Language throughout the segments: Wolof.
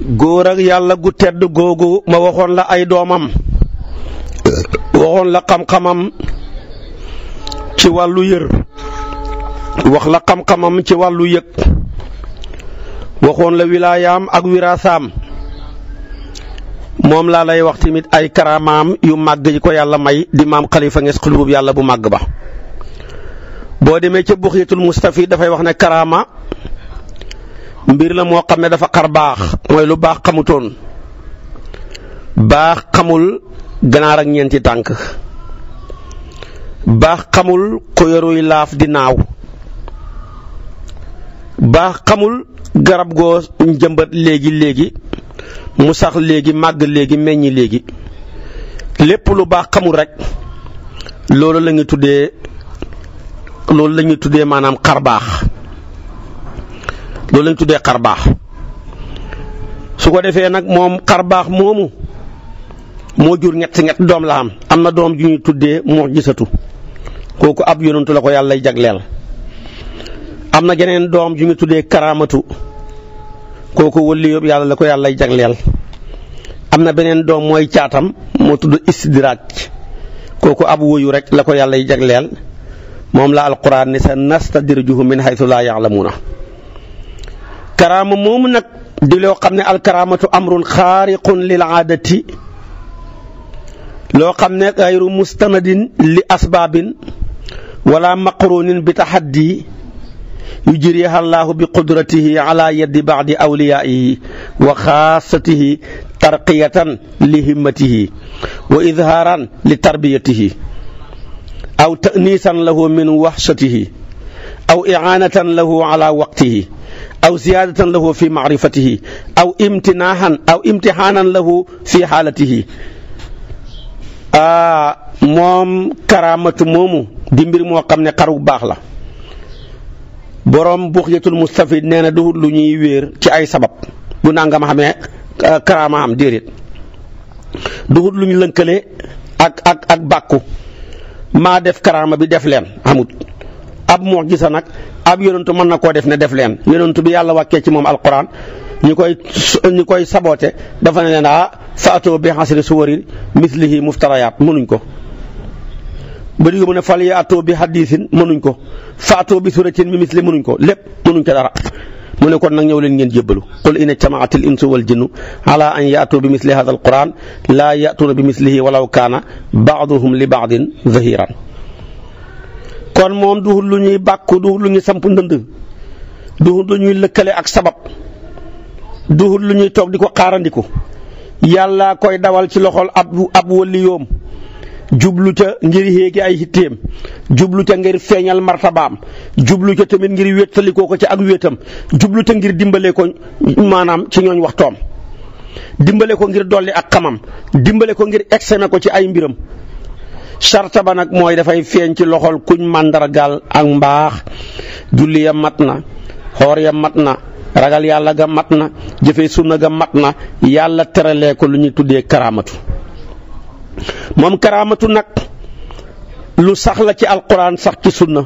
góor ak yàlla gu tedd googu ma waxoon la ay doomam waxoon la xam-xamam ci wàllu yër wax la xam-xamam ci wàllu yég waxoon la wilaayaam ak wiraasaam moom laa lay wax tamit ay karaamaam yu màgg yi ko yàlla may di maam xalifa ngees xulubub yàlla bu màgg ba boo demee ca buxiyatul mustafi dafay wax ne karama mbir la moo xam ne dafa xar baax mooy lu baax xamutoon baax xamul ganaar ak ñeenti tànk baax xamul ko yoruy laaf di naaw baax xamul garab goo njëmbat léegi léegi mu sax léegi màgg léegi meññ léegi lépp lu baax xamul rek loolu lañu tuddee loolu la ñu tuddee maanaam xar baax loolu lañ tuddee xar baax su ko defee nag moom xar baax moomu moo jur ñetti ñett doom la am am na doom ju ñuy tuddee mu'jizatu kooku ab yonantu la ko yàlla jagleel am na geneen doom ju tuddee karaamatu kooku wëlli yàlla la ko yàlla jagleel am na beneen doom mooy caatam moo tudd istidraaj kooku ab woyu rek la ko yàlla jagleel moom la alquran ni sa nastadrijuhum min haythu laa ya'lamuuna karaama moomu nag di loo xam ne alkaraamatu amrun xaariqun lil aadati loo xam ne gayru mustanadin li asbaabin wala maqrunin bi taxaddi yujriha allahu bi qudratihi ala yaddi baadi awliyaihi wa xaasatihi tarqiyatan li himmatihi wa idhaaran li tarbiyatihi aw taniisan lahu min waxshatihi aw icaanatan lahu ala waqtihi aw ziyaadatan lahu fi maarifatihi aw imtinaahan aw imtihaanan lahu fi xaalatihi ah moom karaamatu moomu di mbir moo xam ne xaru baax la borom buxyatul mustafid nee na lu ñuy wéer ci ay sabab bu nangam xamee ah, karaama am déedéet duhut lu ñu lënkale ak ak ak bàkku maa def karaama bi def leen amut. ab mu'jiza nag ab yonentu mën na koo def na def leen yonentu bi yàlla wàkkee ci moom alquran ñu koy ñu koy saboote dafa ne leen ah faatoo bi xasri suwari mislihi muftarayaat mënuñ ko ba digg mu ne fal yaatoo bi hadisin mënuñ ko faatoo bi suratin mi misli mënuñ ko lépp mënuñ ko dara mu ne kon nag ñëw leen ngeen jébbalu qul in ijtamaat al insu wal jinnu ala an yaatu bi misli hada al quran laa yaatuuna bi mislihi walaw kaana baaduhum li baadin kon moom du lu ñuy bàkku du lu ñuy samp ndënd du lu ñuy lëkkale ak sabab du lu ñuy toog di ko xaarandiku yàlla koy dawal ci loxol ab ab jublu ca ngir yéegi ay xitteem jublu ca ngir feeñal martabaam jublu ca tamit ngir wéttalikoo ko ci ak wéetam jublu ca ngir dimbalee ko maanaam ci ñooñ waxtoom dimbale ko ngir dolli ak xamam dimbale ko ngir exeme ko ci ay mbiram sarta ba nag mooy dafay feeñ ci loxol kuñ màndargaal ak mbaax julli ya mat na xoor ya mat na ragal yàlla ga mat na jëfe sunna ga mat na yàlla teralee ko lu ñuy tuddee karaamatu moom karaamatu nag lu sax la ci alquran sax ci sunna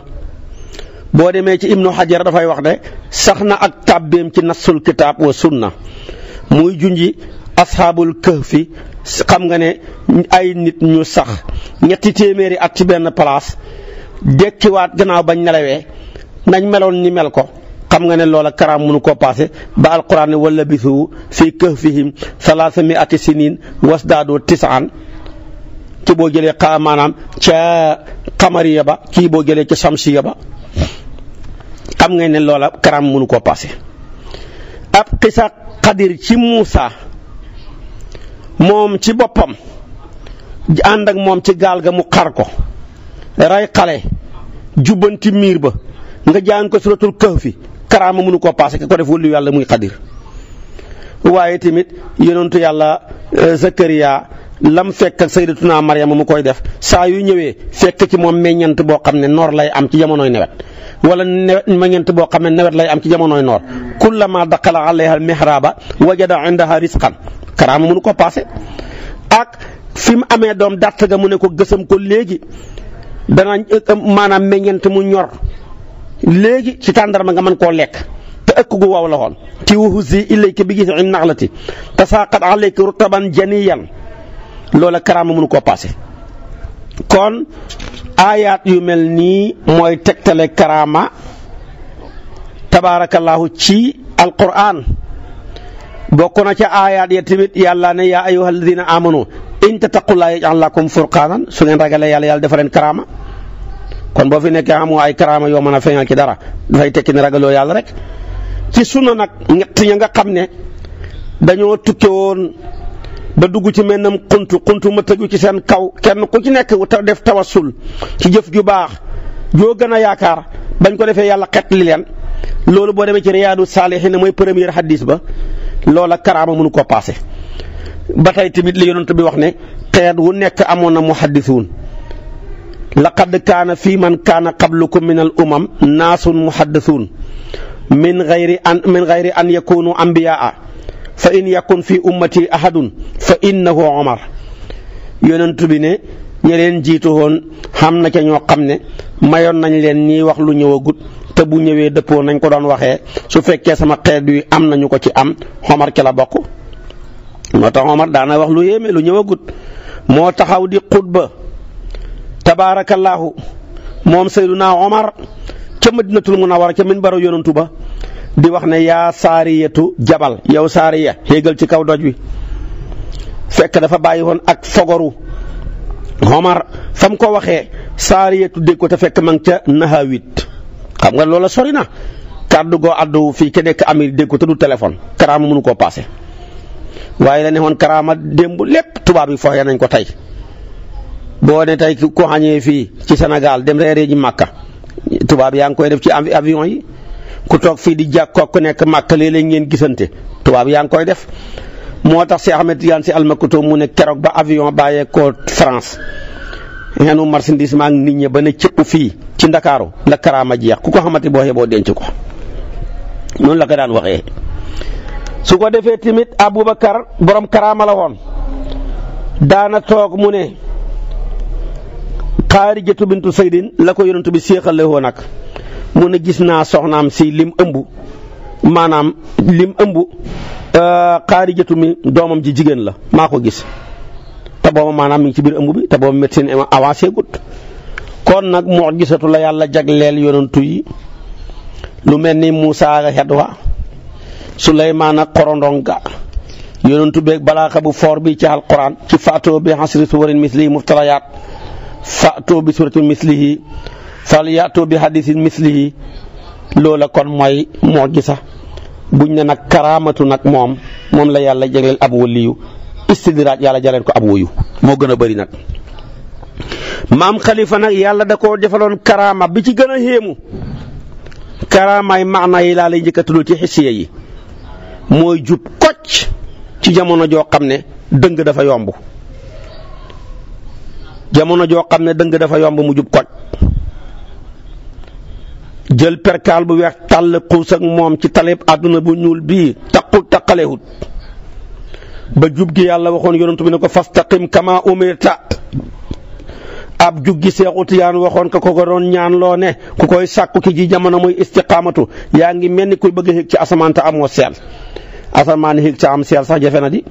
boo demee ci ibnu xajar dafay wax de sax na ak tàbbeem ci nasul kitaab wa sunna muy junji asxaabul kahfi xam nga ne ay nit ñu sax ñetti téeméeri at ci benn place dekkiwaat gannaaw bañ nelawee nañ meloon ni mel ko xam nga ne loola karaam mënu koo paase ba alquran ne wala bisu fii kahfihim salaasa miati sinin wasdaadoo tisaan ci boo jëlee xa maanaam ca xamariya ba kii boo jëlee ca samsiya ba xam nga ne loola karaam mënu koo paase ab xisa xadir ci Muusa moom ci boppam ànd ak moom ci gaal ga mu xar ko rey xale jubbanti miir ba nga jàng ko suratul kahfi karaama mënu koo paase ki ko def wëllu yàlla muy xadir waaye tamit yonentu yàlla euh, Zakariya lam fekk ak sayyidatuna Maryama mu koy def saa yu ñëwee fekk ci moom meññant boo xam ne noor lay am ci jamonoy nawet wala nawet meññant boo xam ne nawet lay am ci jamonoy noor kullama daxala alayha almihraaba wajada indaha risqan karaama mënu ko paase ak fi mu amee doom dàtt ga mu ne ko gësëm ko léegi dana maanaam meññeent mu ñor léegi ci tàndarma nga mën koo lekk te ëkk gu waaw la woon ci wahuzi ilayka bi gis naxlati tasaaqat alayka rutaban janiyan loola karaama mënu ko paase kon aayaat yu mel nii mooy tegtale karaama tabaarakallaahu ci alquraan bokk ca aayaat ya tamit yàlla ne yaa ayyuha alladina amanu in tattaqullaa yaj'al lakum furqaanan su ngeen ragalee yàlla yàlla dafa leen karaama kon boo fi nekkee amoo ay karaama yoo mën a feeñal ci dara fay tekki ne ragaloo yàlla rek ci sunna nag ñett ña nga xam ne dañoo tukke woon ba dugg ci mennam xuntu xuntu ma tëju ci seen kaw kenn ku ci nekk def tawassul ci jëf ju baax joo gën a yaakaar bañ ko defee yàlla xet li leen loolu boo demee ci riyaadu saalihin mooy premier hadis ba loola karaama mënu koo paase. ba tey tamit li yonent bi wax ne xeet wu nekk amoon na muhaddisuun xadd kaana fii man kaana xablu ko al umam naasun muhaddisuun min gayri an min gayri an yakunu ambiyaa fa in yakun fi ummati ahadun fa innahu omar yonent bi ne ña leen jiitu xam na ca ñoo xam ne mayoon nañ leen ñiy wax lu ñëwagut te bu ñëwee dëppoo nañ ko doon waxee su fekkee sama xeet wi am nañu ko ci am xomar ci la bokk moo tax xomar daana wax lu yéeme lu ñëwagut moo taxaw di xutba tabaarakallaahu moom sayduna omar ca madinatul munawara ca min baro yonantu ba di wax ne yaa saariyatu jabal yow saariya xéegal ci kaw doj wi fekk dafa bàyyi woon ak fogoru xomar fam ko waxee saariyatu dégg ko te fekk ma nga ca nahawit xam nga loola sori na kàddu goo àddu fii ke nekk Amérique dégg ko te du téléphone karaama mënu koo paase. waaye la ne woon karaama démb lépp tubaab yi fooyee nañ ko tey boo ne tey ku xañee fii ci senegal dem reeree ji Màkka tubaab yaa ngi koy def ci avion yi ku toog fii di jàkkoo ku nekk Màkka léeg-léeg ngeen gisante tubaab yaa ngi koy def. moo tax Cheikh Ahmed Tidiane Sy Al Maktoum mu ne keroog ba avion bàyyeekoo France xenu marchandise maag nit ñi ba ne cëpp fii ci ndakaaru nda karaama jeex ku ko xamante boo xeboo denc ko noonu la ko daan waxee su ko defee tamit Aboubacar borom karaama la woon daana toog mu ne jëtu bintu Saydin la ko yonent bi séexale woon nag mu ne gis naa soxnaam si lim ëmbu maanaam lim ëmb euh, Xaarijatu mi doomam ji jigéen la maa ko gis booba maanaam mi ngi ci biir ëmb bi te booba médecine avancé gut kon nag moo gisatu la yàlla jagleel yonantu yi lu mel ni Muusaa ak xet wa Suleymaan ak xorondong ga yonantu beeg balaaka bu foor bii ci alquran ci faatoo bi xasri suwarin mislihi muftarayaat faatoo bi suratin mislihi fal yaatoo bi hadisin mislihi loola kon mooy moo gisa buñ ne nag karaamatu nag moom moom la yàlla jagleel ab waliyu istidraaj yàlla jaleen ko ab woyu moo gën a bari nag maam xalifa nag yàlla da koo defaloon karaama bi ci gën a xéemu karaamaay maana yi laa lay njëkk a tudd ci yi mooy jub kocc ci jamono joo xam ne dëng dafa yomb jamono joo xam ne dëng dafa yomb mu jub kocc jël perkaal bu weex tàll xuus moom ci talib àdduna bu ñuul bii taqul taqalewut ba jub gi yàlla waxoon yonantu bi ne ko fastaqim kama umirta ab jug gi seexu tiyaan waxoon ka ko ko doon ñaan loo ne ku koy sàkku ki ji jamono mooy istiqaamatu yaa ngi mel ni kuy bëgg ci asamaan te amoo seel asamaan xëg ca am seel sax jafe na di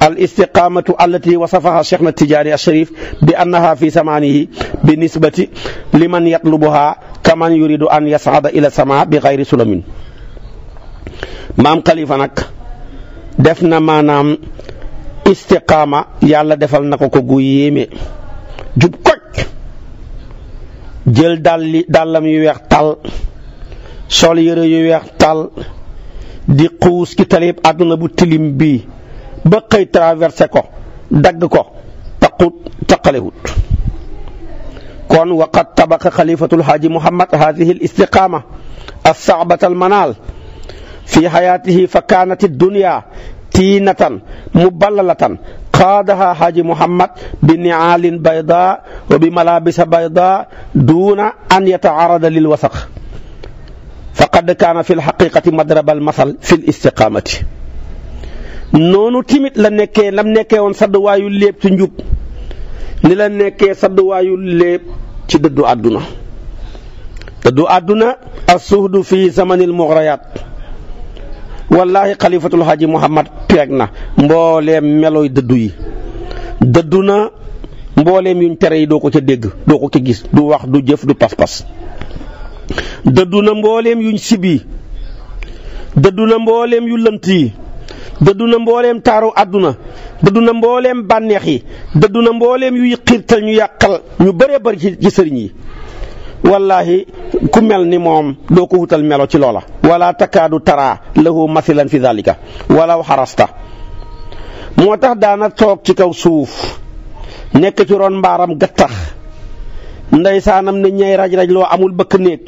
al istiqaamatu allati wasafaha Cheikh na Tijaani Asharif bi annaha fi samaanihi bi nisbati liman yatlubuha kaman yuridu an yasada ila sama bi xayri sulamin maam Khalifa nag def na maanaam istiqaama yàlla defal na ko ko gu yéeme jub koj jël dàlli dàllam yu weex tal sol yére yu weex tàll di xuus ci talib àdduna bu tilim bi ba xëy traversé ko dagg ko taqut taqalewut kon waqad tabaqa xalifatul haaji muhammad hadihi al istiqaama as manaal fi xayaatihi fa kaanati dunya tiinatan muballalatan qaadaha haji muhammad bi niaalin bayda wa bi malabisa bayda duuna an yataarada lil wasaq faqad kaana fi lxaqiqati madrab almasal fi listiqaamati noonu timit la nekkee lam nekkee woon sadduwaayu léeb ci njub ni la nekkee sadduwaayu léeb ci dëddu àdduna dëddu àdduna assuhdu fi zamanil mughrayaat wallaahi xalifatul xaaji Muhammad peeg na mbooleem meloy dëddu yi dëddu na mbooleem yuñ tere yi doo ko ca dégg doo ko ca gis du wax du jëf du pas-pas dëddu na mbooleem yuñ sibi dëddu na mbooleem yu lënt yi dëddu na mbooleem taaru àdduna dëddu na mbooleem bànneex yi dëddu na mbooleem yu xiirtal ñu yàqal ñu baree bëri ci sëriñ yi wallahi ku mel ni moom doo ko wutal melo ci loola wala taraa tara lahu mathilan fi dalika walaw xarasta moo tax daana toog ci kaw suuf nekk ci ron mbaaram gattax ndeysaanam ne ñey raj-raj loo amul bëkk néeg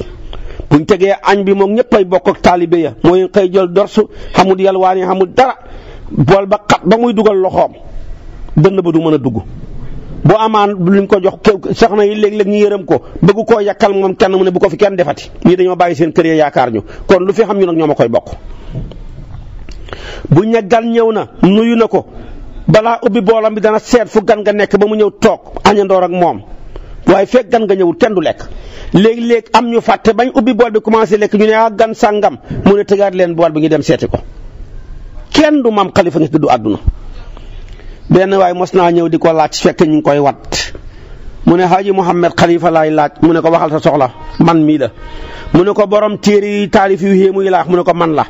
buñ tegee añ bi moom ñëpp ay bokk ak taalibe ya mooy xëy jël dorsu xamul yalwaani xamul dara bool ba xat ba muy dugal loxoom dënn ba du mën a dugg boo amaan lu luñ ko jox soxna yi léeg-léeg ñu yërëm ko bëgg koo yàkkal moom kenn mu ne bu ko fi kenn defati ñii dañoo bàyyi seen kër yaakaar ñu kon lu fi xam ñu nag ñoo ma koy bokk. ña gan ñëw na nuyu na ko balaa ubbi boolam bi dana seet fu gan nga nekk ba mu ñëw toog añandoor ak moom waaye fekk gan nga ñëwul kenn du lekk léegi-léeg am ñu fàtte bañ ubbi bool bi commencé lekk ñu ne ah gan sàngam mu ne tëgaat leen bool bi ñu dem seeti ko kenn du mam xalifa nga tëddu àdduna benn waay mos naa ñëw di ko laaj fekk ñu ngi koy wat mu ne Haji Mouhamed Khalifa laay laaj mu ne ko waxal sa soxla man mii la mu ne ko boroom téere yi taalif yu xéemu yi laax mu ne ko man la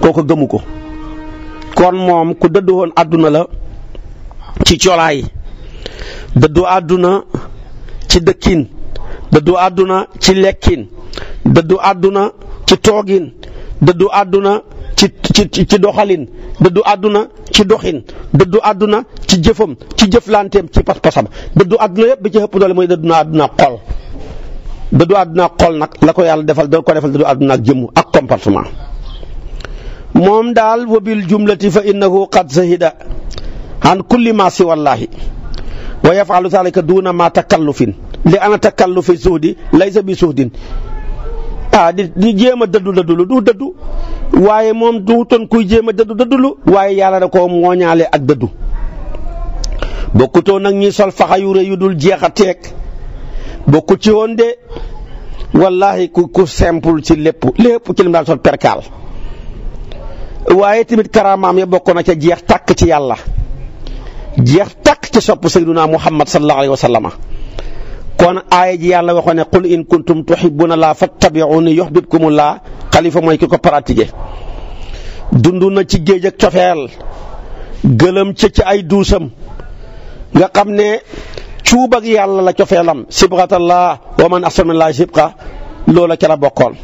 kooku gëmu ko kon moom ku dëddu woon àdduna la ci colaay dëddu àdduna ci dëkkin dëddu àdduna ci lekkin dëddu àdduna ci toogin dëddu àdduna ci ci ci doxalin dëddu àdduna ci doxin dëddu àdduna ci jëfam ci jëf jëflanteem ci pas-pasam dëddu àdduna yëpp bi ci ëpp doole mooy dëddu na àdduna xol dëddu àdduna xol nag la ko yàlla defal da ko defal dëddu àdduna ak jëmm ak comportement moom daal wabil jumlati fa innahu qad zahida an kulli ma si wallahi wa yafalu zalika duna ma takallufin li ana takallufi zuhdi laysa bi zuhdin ah di di jéem dëddu dëddulu du dëddu waaye moom du ton kuy jéem a dëddu dëddulu waaye yàlla da koo mooñaale ak dëddu bokkutoo nag ñi sol faxa yu yu dul jeex a teeg bokku ci woon de wallahi ku ku ci lépp lépp ci lim daal sol perkaal waaye tamit karamaam ya bokk na ca jeex tàkk ci yàlla jeex tàkk ci sopp sayyiduna Muhammad sallallahu alayhi wa kon aaya ji yàlla waxoon ne qul in kuntum tuhibbuna laa fa fattabi'uni yuhbibkumullah xalifa mooy ki ko pratiqué dund na ci géej ak cofeel gëlëm ca ay duusam nga xam ne cuub ak yàlla la cofeelam sibghatallah wa man ahsanu minallaahi sibgha loola ca la bokkoon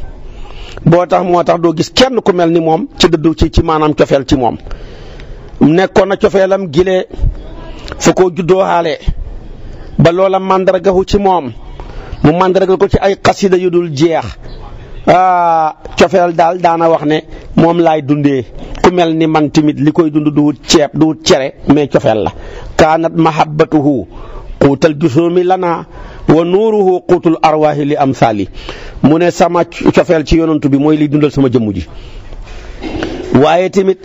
boo tax moo tax doo gis kenn ku mel ni moom ci dëddu ci ci maanaam cofeel ci moom nekkoon na cofeelam gile fa juddoo xaale ba loola màndargaxu ci moom mu màndargal ko ci ay xasida yu dul jeex ah cofeel daal daana wax ne moom laay dundee ku mel ni man tamit li koy dund du wut ceeb du wut cere mais cofeel la kaanat mahabbatuhu xuutal jusuumi lana wa nuuruhu xuutul arwaahi li am saali mu ne sama cofeel ci yonantu bi mooy liy dundal sama jëmm ji waaye tamit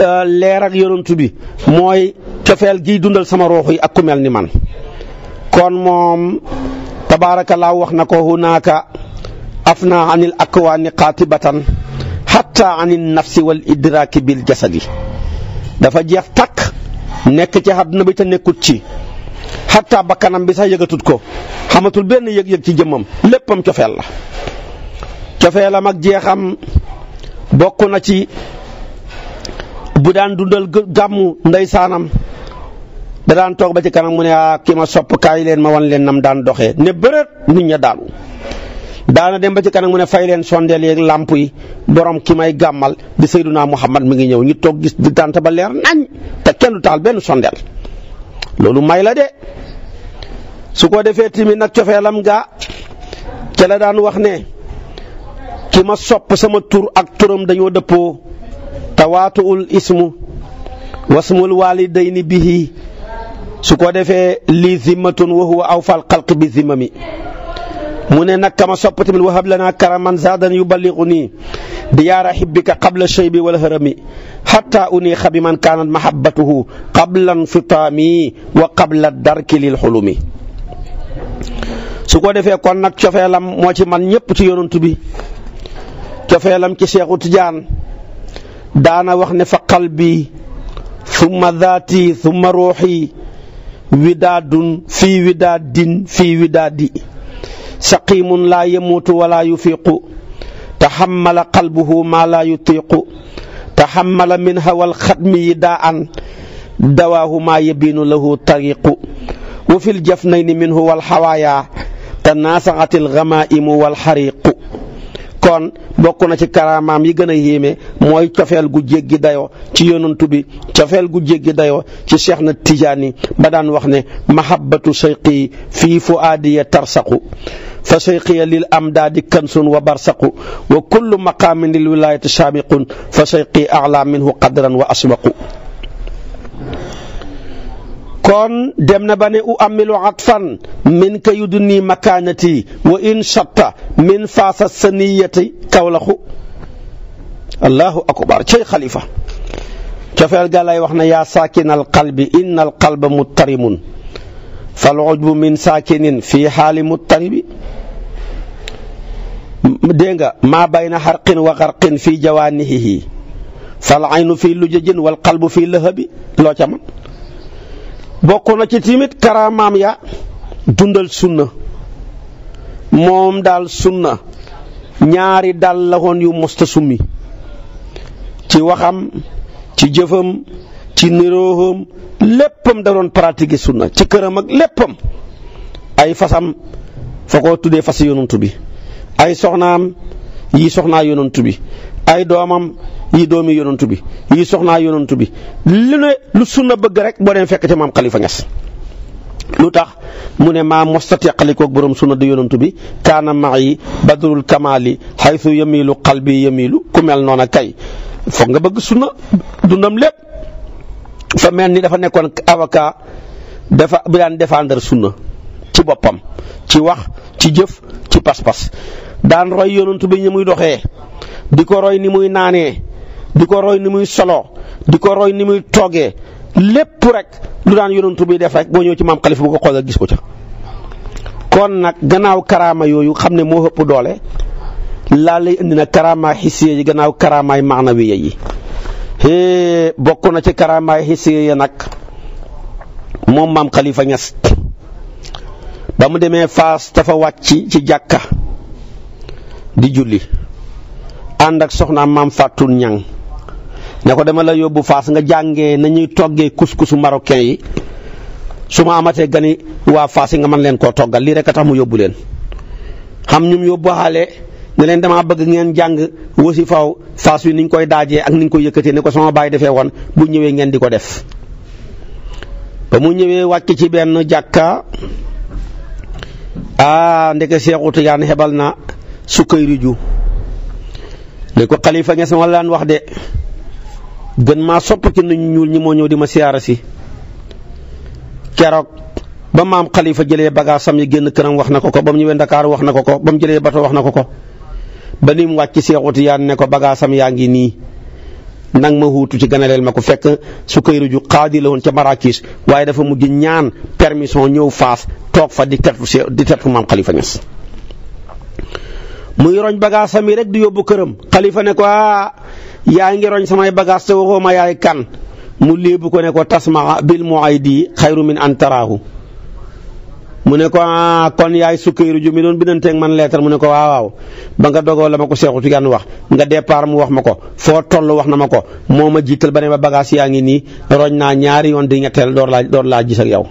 ah, leer ak bi mooy cofeel giy dundal sama roox yi ak ku mel ni man kon moom tabaarakallaahu wax na ko hunaaka afna anil akwaani qaatibatan xatta anil nafsi wal idraaki bil jasadi dafa jeex takk nekk ci àdduna bi te nekkut ci xatta bakkanam bi sax yëgatut ko xamatul benn yëg-yëg ci jëmmam léppam cofeel la cofeelam ak jeexam bokk na ci bu daan dundal gàmmu ndeysaanam da daan toog ba ci kanam mu ne ah ki ma sopp kaay leen ma wan leen nam daan doxee ne bërët nit ña daalu daana dem ba ci kanam mu ne fay leen sondeel yeeg làmp yi boroom ki may gàmmal di Seydunaa Muhammad mu ngi ñëw ñu toog gis di tànt ba leer nañ te kenn du taal benn sondeel loolu may la de su ko defee tamit nag lam gaa ca la daan wax ne ki ma sopp sama tur ak turam dañoo dëppoo tawaatuul ismu wasmul walidayni bihi su ko defee li zimmatun wa huwa awfal xalq bi zimmami mu ne nag kama sopp tamit wahab lana karaman zaadan yuballigu nii diyaara hibbika qabla shaybi wal harami xatta uni xabi man kaanat mahabbatuhu qabla nfitaami wa qabla darki lil xulumi su ko defee kon nag cofeelam moo ci man ñëpp ci yonantu bi cofeelam ci Seexu Tijaan daana wax ne fa qalbi summa daati summa ruuxi widaadun fii widaadin fii widaadi saqiimun laa yamuutu walaa yufiiqu taxammala qalbuhu maa laa yutiiqu taxammala min hawal xatmi yi daa an dawaahu maa yabiinu lahu tariqu wa fil jafnayni minhu wal xawaayaa tanaasaxatil gamaa'imu wal xariiqu kon bokk na ci karaamaam yi gën a yéeme mooy cofeel gu jéggi dayoo ci yonantu bi cofeel gu jéggi dayoo ci Cheikh na Tijaani ba daan wax ne mahabbatu sayqi fii fuaadiya tarsaqu fa sayqiya am amdaadi kansun wa barsaqu wa kullu maqaamin lil wilaayati saabiqun fa sayqi a'laa minhu qadran wa asbaqu kon dem na ba ne u amilu atfan min ka yudni makaanati wa in shatta min faasa saniyati kawlaxu allahu akbar cey xalifa cofeel ga lay wax na yaa saakin alqalbi inna alqalba muttarimun fal ujbu min saakinin fi xaali muttaribi dégg nga maa bayna xarqin wa xarqin fi jawaanihihi fal aynu fi lujajin wal qalbu fi lahabi loo ca man bokk na ci timit karaamaam ya dundal sunna moom daal sunna ñaari dal la woon yu mosta summi ci waxam ci jëfam ci niroowam léppam da doon pratiquer sunna ci këram ak léppam ay fasam fa ko tuddee fas yonantu bi ay soxnaam yi soxnaa yonantu bi ay doomam yi doomi yonantu bi yi soxnaa yonantu bi li ne lu sunna bëgg rek boo dem fekk ci maam Khalifa Niass lu tax mu ne maa mosta teqalikoog borom sunna di yonantu bi kaana maa yi badrul kamaali xaytu yamilu qalbi yamilu ku mel noona kay foog nga bëgg sunna dundam lépp fa mel ni dafa nekkoon avocat dafa bi daan défendre sunna ci boppam ci wax ci jëf ci pas-pas daan roy yonantu bi ni muy doxee di ko roy ni muy naanee di ko roy ni muy solo di ko roy ni muy toogee lépp rek lu daan yonantu bi def rek boo ñëw ci maam Khalifa bu ko xool gis ko ca. kon nag gannaaw karaama yooyu xam ne moo ëpp doole laa indi na karaamaay xisiye yi gannaaw karaamaay maanawiye yi bokk na ci karaamaay xisiye yi nag moom maam Khalifa Niass ba mu demee Faas dafa wàcc ci jàkka. di julli ànd ak soxnaam maam fàttul ñang ne ko dama la yóbbu faas nga jàngee na ñuy toggee kus-kusu marocain yi su ma amatee gani waa faas yi nga mën leen koo toggal lii rek a tax mu yóbbu leen xam ñum yóbbu xaale ne leen damaa bëgg ngeen jàng wasi faw faas wi niñ koy daajee ak niñ koy yëkkatee ne ko sama baay defee woon bu ñëwee ngeen di ko def ba mu ñëwee wàcc ci benn jàkka ah Seexu Tijaan xebal na sukkay riju ne ko xalifa ña sama laan wax de gën maa sopp ci nit ñuul ñi moo ñëw di ma siyaara si keroog ba maam xalifa jële bagaasam yi génn këram wax na ko ko ba mu ñëwee Ndakaaru wax na koko ko ba mu jëlee bato wax na ko ko ba ni mu wàcc Seexu Tijaan ne ko bagaasam yaa ngi nii nang ma huutu ci ganaleel ma ko fekk su koy ruju xaadi ca Marrakech waaye dafa mujj ñaan permission ñëw faas toog fa di tetu di tetu maam xalifa Ñas muy roñ bagaasam sami rek di yóbbu këram kalifa ne ko ah yaa ngi roñ samay bagaas te waxoo ma yaay kan mu léebu ko ne ko tasmaa ay muaydi xayru min an taraahu mu ne ko ah kon yaay sukkayru ju mi doon bindanteeg man leetar mu ne ko waaw ba nga dogoo la ma ko Seexu Tijaan wax nga départ mu wax ma ko foo toll wax na ma ko moom ma jiital ba ne ma bagaas yaa ngi nii roñ naa ñaari yoon di ñetteel door laa door laa gis ak yow.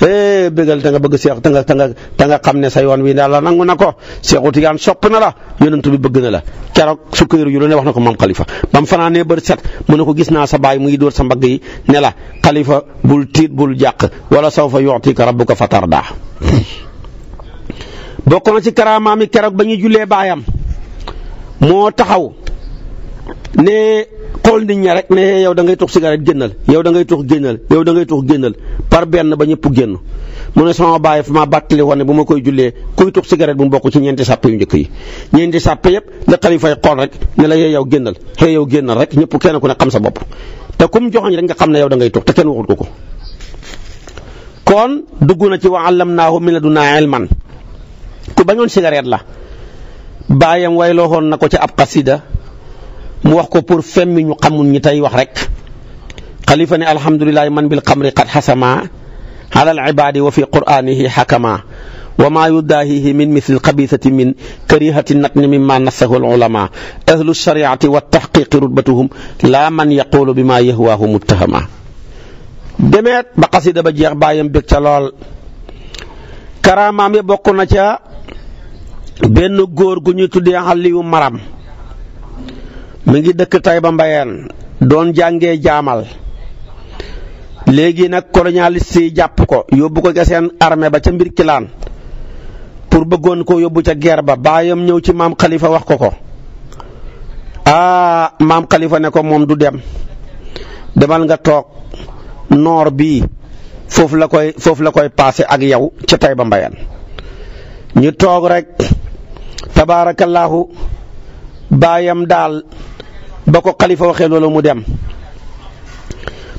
eh bégal te nga bëgg seex te nga te nga xam ne sa yoon wi daal la nangu na ko seexu tijaan sopp na la bëgg na la keroog sukkandiku yu lu ne wax na ko moom xalifa ba mu fanaanee bër set mu ne ko gis naa sa baay mu ngi dóor sa mbagg yi ne la xalifa bul tiit bul jàq wala sawfa yu'tika rabbuka fatarda bokk na ci karaamaam yi keroog ba ñuy jullee baayam moo taxaw. ne xool nit ña rek ne yow da ngay tux cigarette génnal yow da ngay tux génnal yow da ngay tux par benn ba ñëpp génn mu ne sama bàyyi fa ma bàttali woon bu ma koy jullee kuy tux cigarette bu mu bokk ci ñeenti sàpp yu njëkk yi ñeenti sàpp yëpp la fay xool rek ne la yow yow génnal xëy yow génnal rek ñëpp kenn ku ne xam sa bopp te kum joxoñ rek nga xam ne yow da ngay tux te kenn waxul ko ko kon dugg na ci wa allamnaahu min ladunaa ilman ku bañoon cigarette la baayam wayloo woon na ko ci ab xasida mu wax ko pour femmi ñu xamul ñi tey wax rek xalifa ne alhamdulilahi man bil xamri qad xasama ala al ibaadi wa fi qur'anihi xakama wa maa yudaahihi min misli xabisati min karihati natni mimma nassahu al ulama ahlu shariati wa tahqiqi rutbatuhum laa man yaqulu bima yahwaahu muttahama demeet ba xasida ba jeex bàyyam bég ca lool karaamaam ya bokk na ca benn góor gu ñuy tuddee xaliyu maram mu ngi dëkk tay ba Mbayeen doon jàngee jaamal léegi nag colonialiste si jàpp ko yóbbu ko ca seen ba ca mbir kilaan pour bëggoon ko yóbbu ca guerre ba baayam ñëw ci maam Khalifa wax ko ko aa ah, maam Khalifa ne ko moom du dem demal nga toog noor bi foofu la koy foofu la koy passé ak yow ca Tayba Mbayeen ñu toog rek tabaarakallaahu baayam daal ba ko xalifa waxee loolu mu dem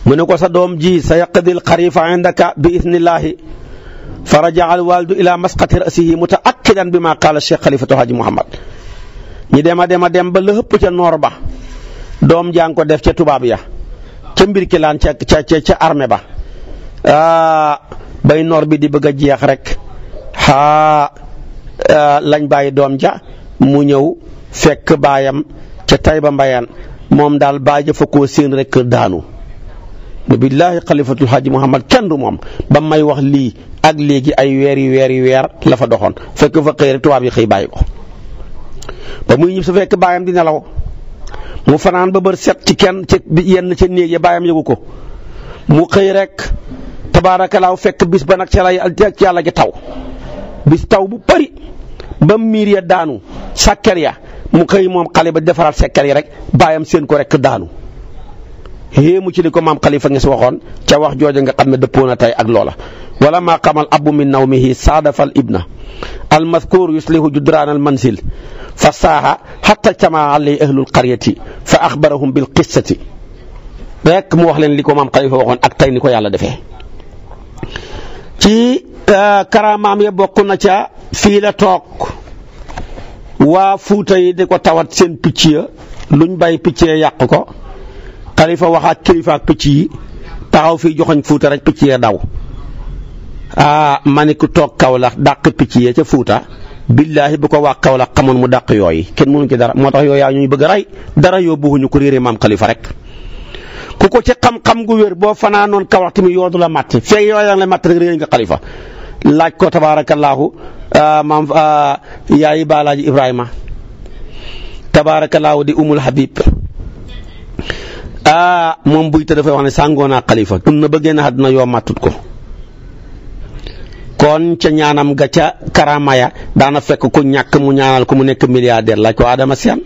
mu ne ko sa doom ji sa yaqdil xarifa indaka bi idnillaahi fa rajaca alwalidu ila masqati rasihi mutaakidan bi ma qaala cheikh xalifatu haji muhammad ñi dem a dem a dem ba la hëpp ca noor ba doom jaa ko def ca tubaab ya ca mbir ki laan ca ca ba aa ah, bay noor bi di bëgg a jeex rek xaa ah, lañ bàyyi doom ja mu ñëw fekk baayam ca ba Mbayaan moom daal bàyyi fa koo seen rek daanu ba billaahi xalifatul Muhammad kenn du moom ba may wax lii ak léegi ay weer yu weer yu weer la fa doxoon fekk fa xëy rek tubaab yi xëy bàyyi ko. ba muy ñib su fekk baayam di nelaw mu fanaan ba bër set ci kenn ci yenn ca néeg ya baayam yëgu ko mu xëy rek tabaarakalaaw fekk bis ba nag ca la yàlla gi taw bis taw bu bari ba miir ya daanu sàkkar ya mu xëy moom xale ba defaraat sekkel yi rek bàyyam seen ko rek daanu yéemu ci li ko maam xalifa nges waxoon ca wax jooja nga xam ne dëppoo na tey ak loola wala maa xamal abu min nawmihi saadafal ibna almadkur yuslihu judraan almansil fa saaha xatta camaa alay ahlul qaryati fa axbarahum bil qissati rek mu wax leen li ko maam xalifa waxoon ak tey ni ko yàlla defee ci euh, karaamaam ya bokk na ca fii la waa fuuta yi di ko tawat seen picc ya luñ bay picc ya yàq ko xalifa wax ak kilifa ak picc yi taxaw fii joxoñ fuuta rek picc ya daw aa ah, ma ni ku toog Kaolack dàq picc ya ca fuuta billaahi bu ko waa Kaolack xamoon mu dàq yooyu kenn mënu ko dara moo tax yooyaa ñu bëgg a rey dara yóbbuwuñu ko réere maam xalifa rek ku ko ci xam-xam gu wér boo fanaanoon Kaolack tamit yoodu la matt fee yooyaa la matt rek réere nga xalifa laaj ko tabaarakallaahu uh, maam uh, yaayi baalaaji Ibrahima tabaarakallaahu di umul Habib. aa ah, moom buy te dafay wax ne sàngoonaa xalifa dund na ba génn àdduna yoo màttut ko kon ca ñaanam ga ca karamaya daana fekk ku ñàkk mu ñaanal ko mu nekk milliardaire laaj ko Adama Seen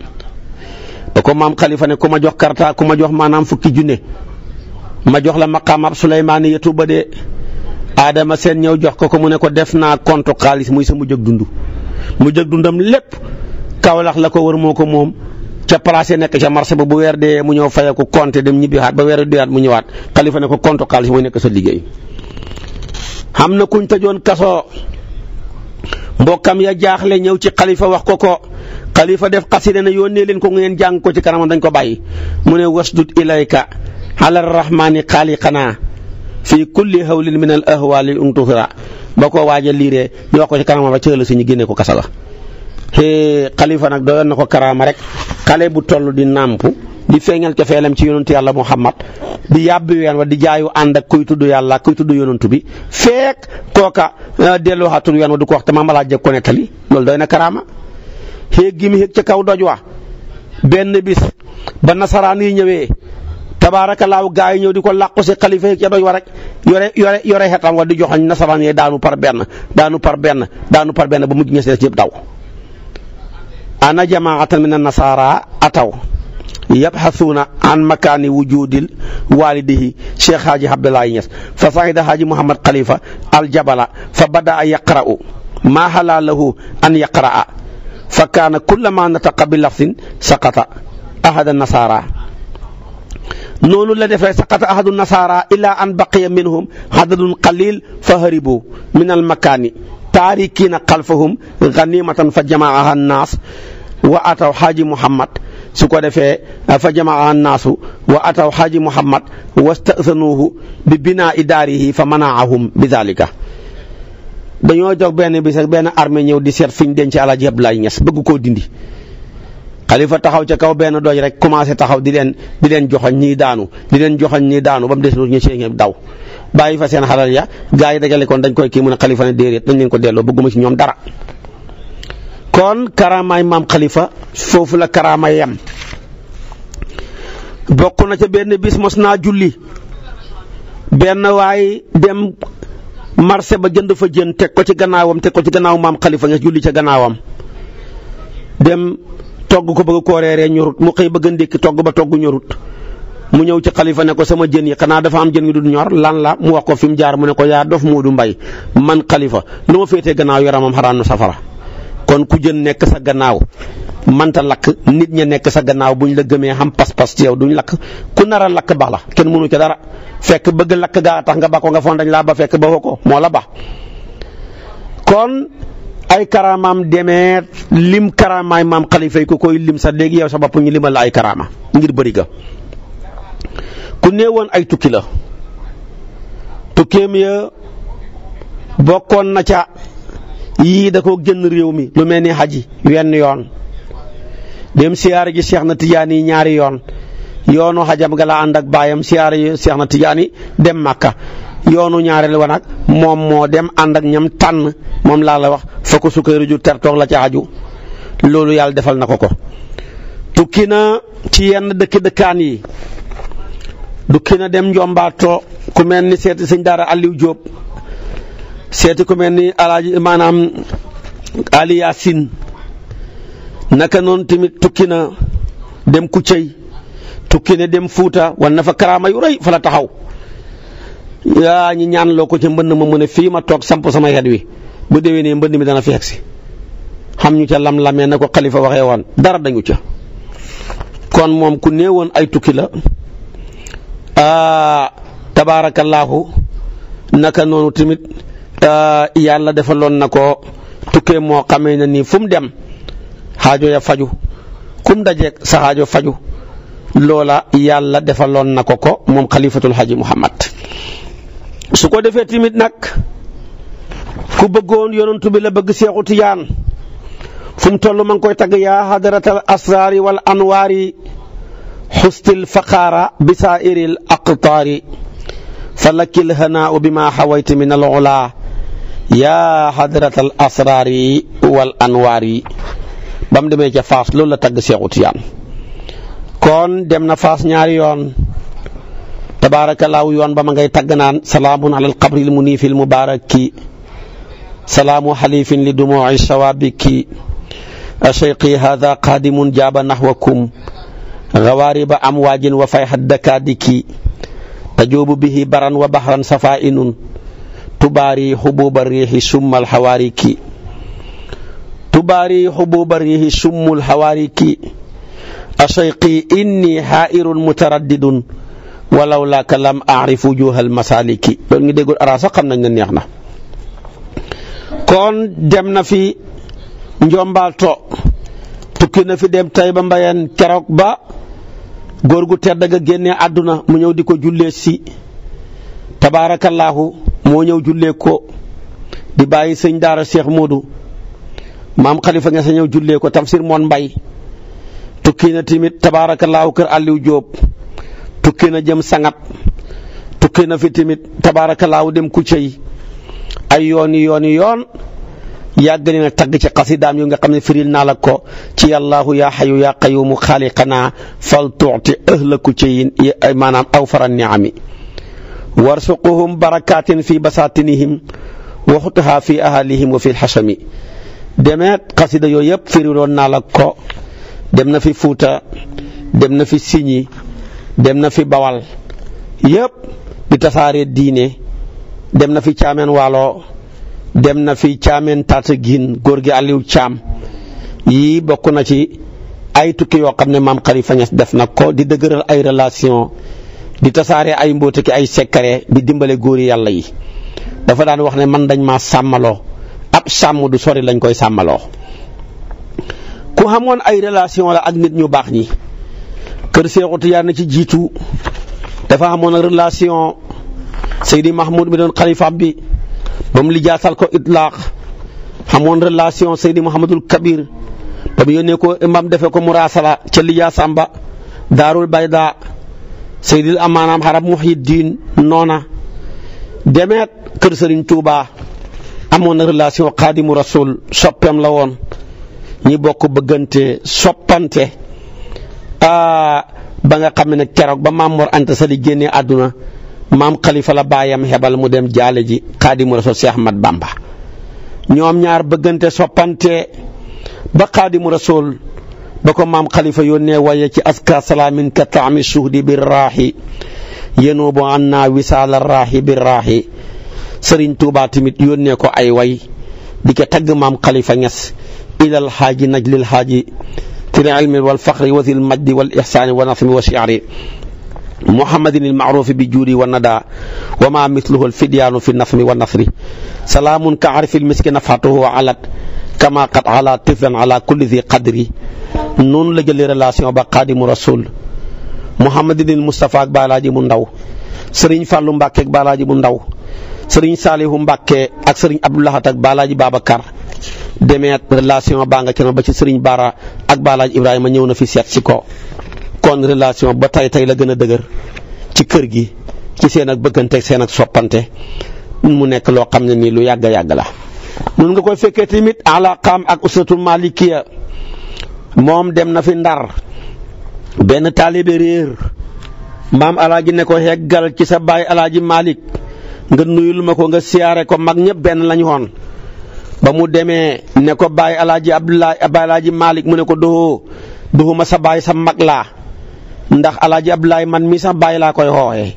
ba ko maam xalifa ne ku ma jox karta ku ma jox maanaam fukki junne ma jox la maqaam ab Suleymaan yetu ba dee Adama seen ñëw jox ko ko mu ne ko def naa compte xaalis muy sa mu jëg dund mu jëg dundam lépp Kawlax la ko war moo ko moom ca placé nekk ca marché ba bu weer dee mu ñëw faye ko compte dem ñibbi xaat ba weer deewaat mu ñëwaat xalifa ne ko compte xaalis mooy nekk sa liggéey. xam na kuñ tëjoon kaso mbokkam ya jaaxle ñëw ci xalifa wax ko ko xalifa def xasida ne yónnee leen ko ngeen jàng ko ci kanamam dañ ko bàyyi mu ne wasdud ilayka ala rahmaani xaaliqanaa fii kulli hawlin min al ahwaali untufira ba ko waaj a liiree ñu wax ko ci kanama ba cëral si ñu génne ko kasa ba xalifa nag doyoon na ko karaama rek xale bu toll di nàmp di feeñal ca feelam ci yonantu yàlla muhammad di yàbbi ween wa di jaayu ànd ak kuy tudd yàlla kuy tudd yonantu bi feek kooka eh, delloo xatul ween wa du ko wax te ma laaj ko nettali loolu doy na karaama xéeg gi mu xéeg kaw doj wa benn bis ba nasaraan yi ñëwee tabaarakallaahu gaa yi di ko làqu si xalifa yi ca yore yore yore xetam di joxoñ nasaraan yee daanu par benn daanu par benn daanu par benn ba mujj ña si des daw ana jamaatan min an-nasaara ataw yabxasuuna an makaani wujudil waalidihi Cheikh Hadji Abdoulaye Niass fa saxida Hadji Mouhamad Khalifa aljabala fa badaa yaqra'u maa halaa lahu an fa kaana kullamaa nataqa bi lafsin saqata ahada nasaara noonu la defee saqata ahadu nasaara illa an baqiya minhum xadadun qalil fa haribu min al makaani taarikiina xalfahum ganimatan fa jamaaha annaas wa ataw xaaji muhammad su ko defee fa jamaaha annaasu wa ataw xaaji muhammad wastasanuuhu bi binaa'i daarihi fa manaahum bi dalika dañoo jox benn bi sax benn armée ñëw di seet fi ñu denc Alaaji Abdoulaye Niass bëgg koo dindi xalifa taxaw ca kaw benn doj rek commencé taxaw di leen di leen joxoñ ñii daanu di leen joxoñ ñii daanu ba mu des ñu ci daw bàyyi fa seen xalal ya gaa yi dajale koon dañ koy kii mu ne xalifa ne déedéet dañ leen ko delloo bëgguma ci ñoom dara kon karaamaay maam xalifa foofu la karaamaay yam na ca benn bis mos naa julli benn waay dem marché ba jënd fa jën teg ko ci gannaawam teg ko ci gannaaw maam xalifa nga julli ca gannaawam dem togg ko bëgg koo reeree ñorut mu xëy bëgg a ndékki togg ba togg ñorut mu ñëw ci xalifa ne ko sama jën yi xanaa dafa am jën yu du ñor lan la mu wax ko fi mu jaar mu ne ko yaa dof Moodu Mbay man xalifa nu ma féetee gannaaw yaramam xaraanu safara kon ku jën nekk sa gannaaw manta lakk nit ña nekk sa gannaaw bu ñu la gëmee xam pas-pas ci yow duñ lakk ku nara lakk bax la kenn mënu ci dara fekk bëgg lakk gaa tax nga ba ko nga foon dañ laa ba fekk ba ko moo la ba ay karaamaam demeet lim karaamaay maam xalifa yi ku koy lim sax léegi yow sa bopp ñu limal la ay karaama ngir bëri ga ku nee ay tukki la tukkeem ya bokkoon na ca yii da ko génn réew mi lu mel ni xaji wenn yoon dem siyaare ji Seex na Tijaani ñaari yoon yoonu xajam gala ànd ak baayam siyaare ji Seex na Tijaani dem Màkka yoonu ñaareel wa nag moom moo dem ànd ak ñam tànn moom laa la wax fa ko ju tertoog la ca aju loolu yàlla defal na ko ko tukki na ci yenn dëkk dëkkaan yi dukki na dem njombaatoo ku mel ni seeti sëñ daara Aliou jóob seeti ku mel ni alaaji maanaam Ali Yaasin naka noonu tamit tukki na dem Kucey tukki na dem Fuuta wan na fa karaama yu rëy fa la taxaw yaa ñi ñaan loo ko ca mbënd ma mu ne fii ma toog samp sama xet wi bu déwénee mbënd mi dana fi yegg si xam ñu ca lam-lamee na ko xalifa waxee woon dara dañu ca kon moom ku néewoon ay tukki la tabaarakallaahu naka noonu tamit yàlla defaloon na ko tukkee moo xamee ne nii fu mu dem xaajo faju ku mu sa xaajo faju loola yàlla defaloon na ko ko moom xalifatul xaji Muhammad su ko defee tamit nag ku bëggoon yonantu bi la bëgg seexu tijaan fu mu toll ma ngi koy tagg yaa hadratal asraari wal anwaari xustil faqaara bisaa'iril aqtaari falakil hanaa bi ma xawayta min al ulaa yaa hadratal asraari wal anwaari ba mu demee ca faas loolu la tagg seexu tijaan kon dem na faas ñaari yoon tabaarakallaahu yoon ba ma ngay tagg naan salaamun alal qabri l muniifi l mubaaraki salaamu xalifin li dumuuci shawaabiki asheyqi haada qaadimun jaaba naxwakum gawaariba amwaajin wa fayhat dakaadiki tajuubu bihi baran wa baxran safaa'inun tubaari xubuuba riixi summal xawaariki tubaari xubuuba riixi summul xawaariki asheyqi inni xaa'irun mutaraddidun walaw laaka lam aarif wujuhal masaliki loolu ngi déggul ara sax xam nañ ne neex na kon dem na fi njombaal to tukki na fi dem tay ba mbayeen keroog ba góor gu tedd ga génnee àdduna mu ñëw di ko jullee si tabaraka tabaarakallaahu moo ñëw jullee ko di bàyyi sëñ daara Cheikh Modou maam Khalifa nga sa ñëw jullee ko tafsir moon mbay tukki na tamit tabaarakallaahu kër Aliou Diop tukki na jëm sangat tukki na fi tamit tabaarakallaahu dem ku cey ay yoon yooni yoon yàgg ne na tagg ci xasidaam yu nga xam ne firil naalak ko ci yàllaahu yaa xayu yaa qayumu xaaliqanaa fal tuuti ahla ku ceyin maanaam aw fara niami warsuquhum barakatin fi basatinihim waxutaha fi ahalihim wa fi lxasami demeet xasida yooyu yëpp firiloon naa la ko dem na fi Fuuta dem na fi Siñi dem na fi bawal yépp di tasaare diine dem na fi caameen waalo dem na fi caameen Tataguine góor gi Aliou Thiam yii bokk na ci ay tukki yoo xam ne maam Khalifa Niass def nag ko di dëgëral ay relation di tasaare ay mbóoti ki ay secret di dimbale góor yi yàlla yi dafa daan wax ne man dañ ma sàmmaloo ab sàmm du sori lañ koy sàmmaloo ku xamoon ay relation la ak nit ñu baax ñi kër Seexu Tijaan na ci jiitu dafa amoon relation Seydi Mahmoud mi doon xalifaam bi ba mu lijaasal ko amoon relation Seydi Mouhamadul Kabir ba mu ko imam defe ko muraasala ca lijaasam samba Daarul Bayda Seydil Amaanaam Xarab Muhyiddin noona demeet kër Sëriñ Tuuba amoon na relation Xaadimu Rasul soppeem la woon ñi bokk bëggante soppante. Ah, ba nga xam ne nag keroog ba maam Mor Anta Sali génnee àdduna maam Khalifa la baayam xebal mu dem jaale ji xaadimu rasul Cheikh Ahmad Bamba ñoom ñaar bëggante soppante ba xaadimu rasul ba ko maam Khalifa yónnee waaye ci aska salaamin ka taami suhdi bi raaxi yéenoo bu an wisaala raaxi bi raaxi Serigne Touba tamit yónnee ko ay way di ko tagg maam Khalifa Niass ilal xaaji najlil xaaji في العلم والفقر وذي المجد والإحسان والنظم والشعر محمد المعروف بالجود والندى وما مثله الفديان في النظم والنثر سلام كعرف المسك نفحته علت كما قد على طفلا على كل ذي قدر noonu la jëlee relation ba xaadimu rasul Muhammadinil Moustapha ak Balaaji mu ndaw Serigne Fallou Mbacke ak Balaaji mu ndaw Serigne Salihu Mbacke ak Serigne Abdoulahat ak Balaaji Babacar demeet relation baa nga ci ba ci Sëriñ Bara ak Balaaj Ibrahima ñëw na fi seet si ko kon relation ba tey tey la gën a dëgër ci kër gi ci seen ak bëggante seen ak soppante mu nekk loo xam ne nii lu yàgg a yàgg la. mun nga koy fekkee tamit alaaqaam ak usratu malikiya moom dem na fi ndar benn taalibe réer maam alaaji ne ko heggal ci sa baay alaaji Malik nga nuyul ma ko nga siyaare ko mag ñëpp benn lañu woon. ba mu demee ne ko bàyyi alaaji Abdoulaye bàyyi alaaji mu ne ko doxoo ma sa bàyyi sa mag laa ndax alaaji Abdoulaye man mi sax bàyyi laa koy xooxee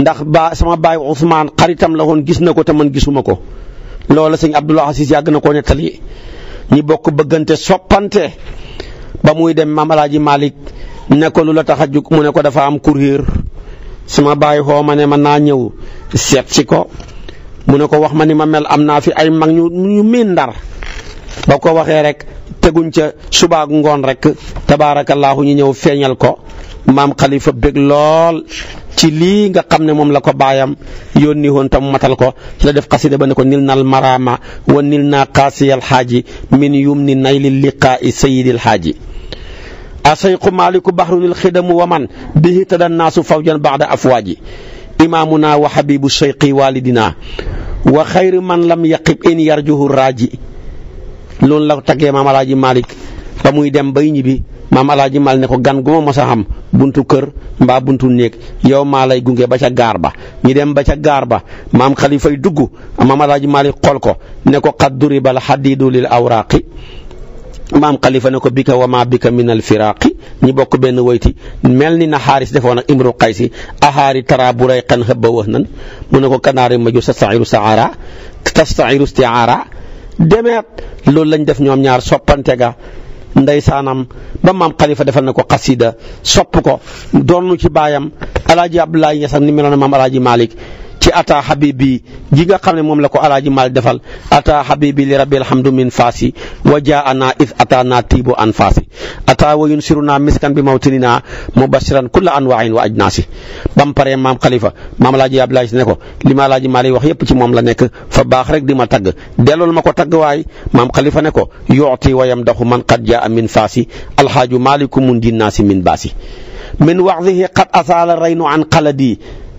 ndax ba sama bàyyi Ousmane xaritam la woon gis na ko te man gisuma ko loola sëñ Abdoulaye Asis yàgg na koo nettali ñi bokk bëggante soppante ba muy dem maam alaaji Malick ne ko lu la tax a jug mu ne ko dafa am courrier sama bàyyi xoo ma ne mën naa ñëw seet si ko mu ne ko wax ma ni ma mel am naa fi ay mag ñu ñu miin ndar ba ko waxee rek teguñ ca subaak ngoon rek tabaarakallaahu ñu ñëw feeñal ko maam xalifa bég lool ci lii nga xam ne moom la ko baayam yónni woon tam matal ko ci la def xasida ba ne ko nil nal marama wa nil naa qaasiyal xaaji min yum ni nayli liqaa'i sayidil xaaji asayqu maaliku baxrunil xidamu wa man bihi tadan naasu fawjan baada afwaaji imaamuna wa xabibu sheyqi walidina wa xayri man lam yaqib in yarjuhu raaji loolu la taggee maam alaaji Malick ba muy dem bay ñibbi maam alaaji Malick ne ko gan gu ma mos a xam buntu kër mbaa buntu néeg yow maa lay gunge ba ca gaar ba ñu dem ba ca gaar ba maam xalifay dugg maam alaaji Malick xool ko ne ko qad duribal xadiidu lil awraaqi maam xalifa ne ko bika wa ma bika min al ñi bokk benn woyti mel ni na xaaris defoon ak imru a ahaari tara bu ray xan xëbba mu ne ko kanaari maju tastairu saara tastairu stiaara demeet loolu lañ def ñoom ñaar soppante ga ndeysaanam ba maam xalifa defal na ko xasida sopp ko doon ci baayam alaaji abdoulaye ñasan ni meloon na maam alaaji malik ci ata habibi ji nga xam ne moom la ko alaaji mal defal ata habibi li rabbil hamdu min faasi wa jaana id atana tiibu an faasi ata wa yunsiruna miskan bi mawtinina mubashiran kulla anwaain wa ajnaasi bam pare maam xalifa maam alaaji ablaay si ne ko li ma alaaji maali wax yépp ci moom la nekk fa baax rek di ma tagg dellool ma ko tagg waay maam xalifa ne ko yooti wa yamdaxu man qad jaa min faasi alhaaju maaliku mun dinnaasi min baasi min waxdihi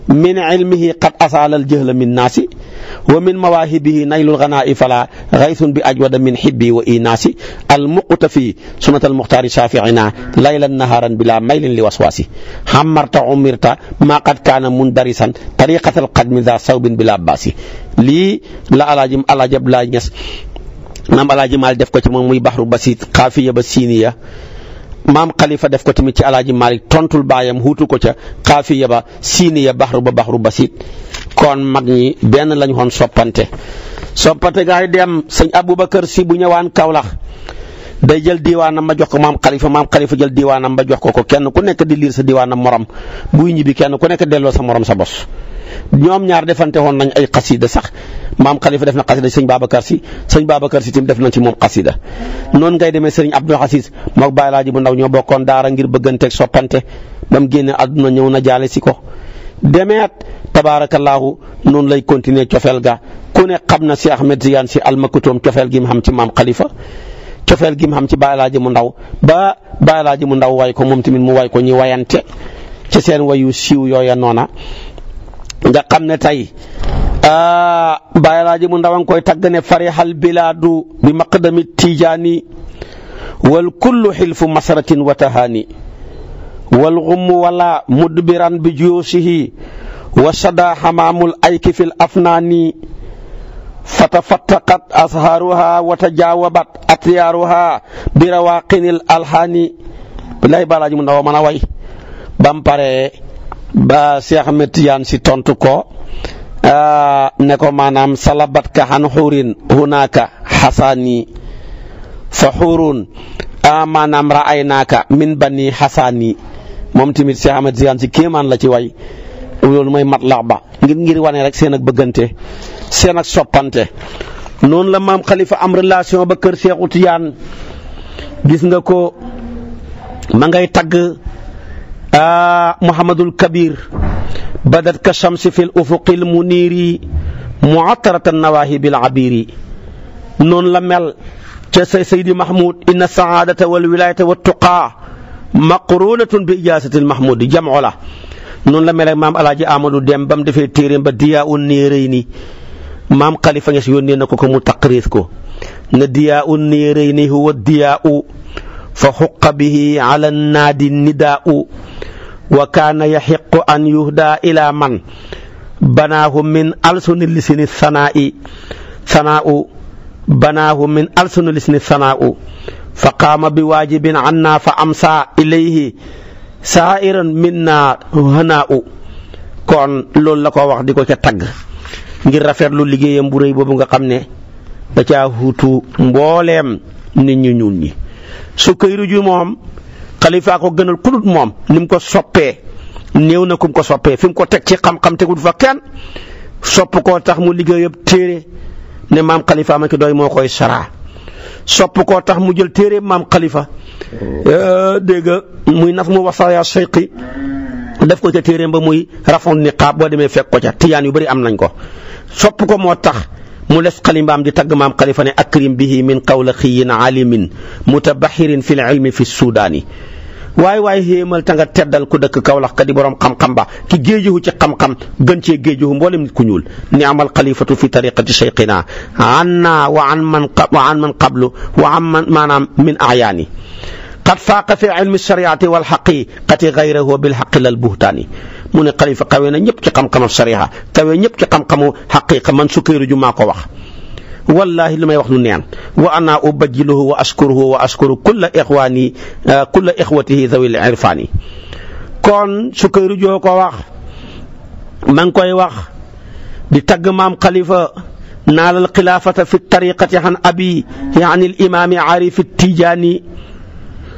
min ilmihi qad asaala aljahla min naasi wa min mawaahibihi naylul ganaa'i fala gaysun bi ajwada min xibbi wa inaasi almuqtafi sunat almuxtaari shaafiina laylan naharan bila maylin li waswaasi xammarta umirta maa qad kaana mundarisan tariqat alqadmi daa sawbin bila baasi lii la alaajim alaajab laa ñes maam alaaji maal def ko ci moom muy baxru basiit xaafiya ba siiniya maam Khalifa def ko tamit ci alaaji Malik tontul baayam huutu ko ca xaafiya ba siiniya baxru ba baxru basit kon mag ñi benn lañu xoon soppante soppante gaay dem sëñ Aboubacar si bu ñëwaan Kawlax day jël diwaanam ma jox ko maam Khalifa maam Khalifa jël diwaanam ba jox ko ko kenn ku nekk di liir sa diwaanam morom buy ñibbi kenn ku nekk delloo sa morom sa bos. ñoom ñaar defante woon nañ ay xasida sax maam kalifa def na xasida sëñ Babacar si sëñ Babacar si tim def nañ ci moom xasida noonu ngay demee sëriñ Abdou Aziz moog Baye Laaji bu ndaw ñoo bokkoon daara ngir bëgganteeg soppante ba mu génne àdduna ñëw na jaale si ko. demeet tabaarakallaahu noonu lay continuer cofeel ga ku ne xam na si Ahmed Ziyane si almakutoom cofeel gi mu xam ci maam kalifa cofeel gi mu xam ci Baye Laaji mu ndaw ba Baye Laaji mu ndaw way ko moom tamit mu way ko ñi wayante seen wayu siiw yooya noona nga xam ne tey ah, Baay Alaaji mu ndaw a ngi koy tagg ne farihal bi maqdami tijaani wal kullu xilfu masratin wa wal gummu wala mudbiran bi juyusihi wa sada xamaamul ayki fil afnaani فتفتقت أزهارها وتجاوبت أطيارها برواقن الألحان بالله بالاجي من واي بامباري ba Cheikh Ahmed Tidiane si tontu ko ah, ne ko maanaam salabat ka xan xuurin hunaaka xasaani fa xuurun ah, maanaam raaynaaka min bani xasaani moom tamit Cheikh Ahmed Tidiane si kéemaan la ci way loolu mooy matlax ba ngir ngir wane rek seen ak bëggante seen ak soppante noonu la maam Khalifa am relation ba kër Cheikhu Tidiane gis nga ko ma tagg. Ah, Muhammadul Kabir badat ka shamsi fil ufuqil muniri mu'attaratan nawahi bil abiri noonu la mel ca say Seydi Mahmoud inna saadata wal wilayata wa tuqaa maqrunatun bi ijaasatil Mahmoud jamco la noonu la mel ak maam Alaaji Amadou Dem ba mu defee téeréem ba diyaa un néeréy ni maam Khalifa Niass yónnee na ko ko mu taqriis ko na diyaa un néeréy ni huwa diyaa u fa xuqa bihi ala naadi nidaau wa kaana yaxiqu an yuhda ila man banaahu min alsuni lisini sanaa'i sanaa'u banaahu min alsuni lisini sanaa'u fa qaama bi waajibin anna fa amsa ilayhi saa'iran minna hanaa'u kon loolu la ko wax di ko ca tagg ngir rafetlu liggéeyam bu rëy boobu nga xam ne da caa huutu mbooleem nit ñu ñuul sukkayru ju moom xalifa ko gënal kudut moom ni mu ko soppee néew na ku mu ko soppee fi mu ko teg ci xam-xam tegul fa kenn sopp koo tax mu liggéey yëpp téere ne maam kalifa ma ki doy moo koy saraa sopp koo tax mu jël téere maam xalifa euh, dégg nga muy naf mu wasaaya seyqi def ko ca téereem ba muy rafon niqaab boo demee fekk ko ca tiyaan yu bëri am nañ ko sopp ko moo tax mu les xalimbaam di tagg maam xalifa ne akrim bihi min qawla xiyin alimin mutabaxirin fi ilmi fi sudaani waaye waaye xéemal ta nga teddal ku dëkk kawlax ka di borom xam-xam ba ki géejuhu ci xam-xam gën cee géejuhu mboolem nit ku ñuul ni amal xalifatu fi tariqati cheikhina anna wa an man wa an man qablu wa an man maanaam min ayaani qad faaqa fi ilmi shariati walxaqi qati gayrahu bilxaqi lal buhtaani mu ne xalifa kawe na ñëpp ci xam-xamam sariha kawe ñëpp ci xam-xamu xaqiqa man sukkeeru ju maa ko wax. wallahi li may wax nu neen wa ana ubajjiluhu wa askuruhu wa askuru kulla ixwaani ah, kulla ixwatihi zawil irfaani kon sukkeeru joo ko wax ma ngi koy wax di tagg maam xalifa naalal xilaafata fi tariqati xan abi yaani al imaami aarif tijaani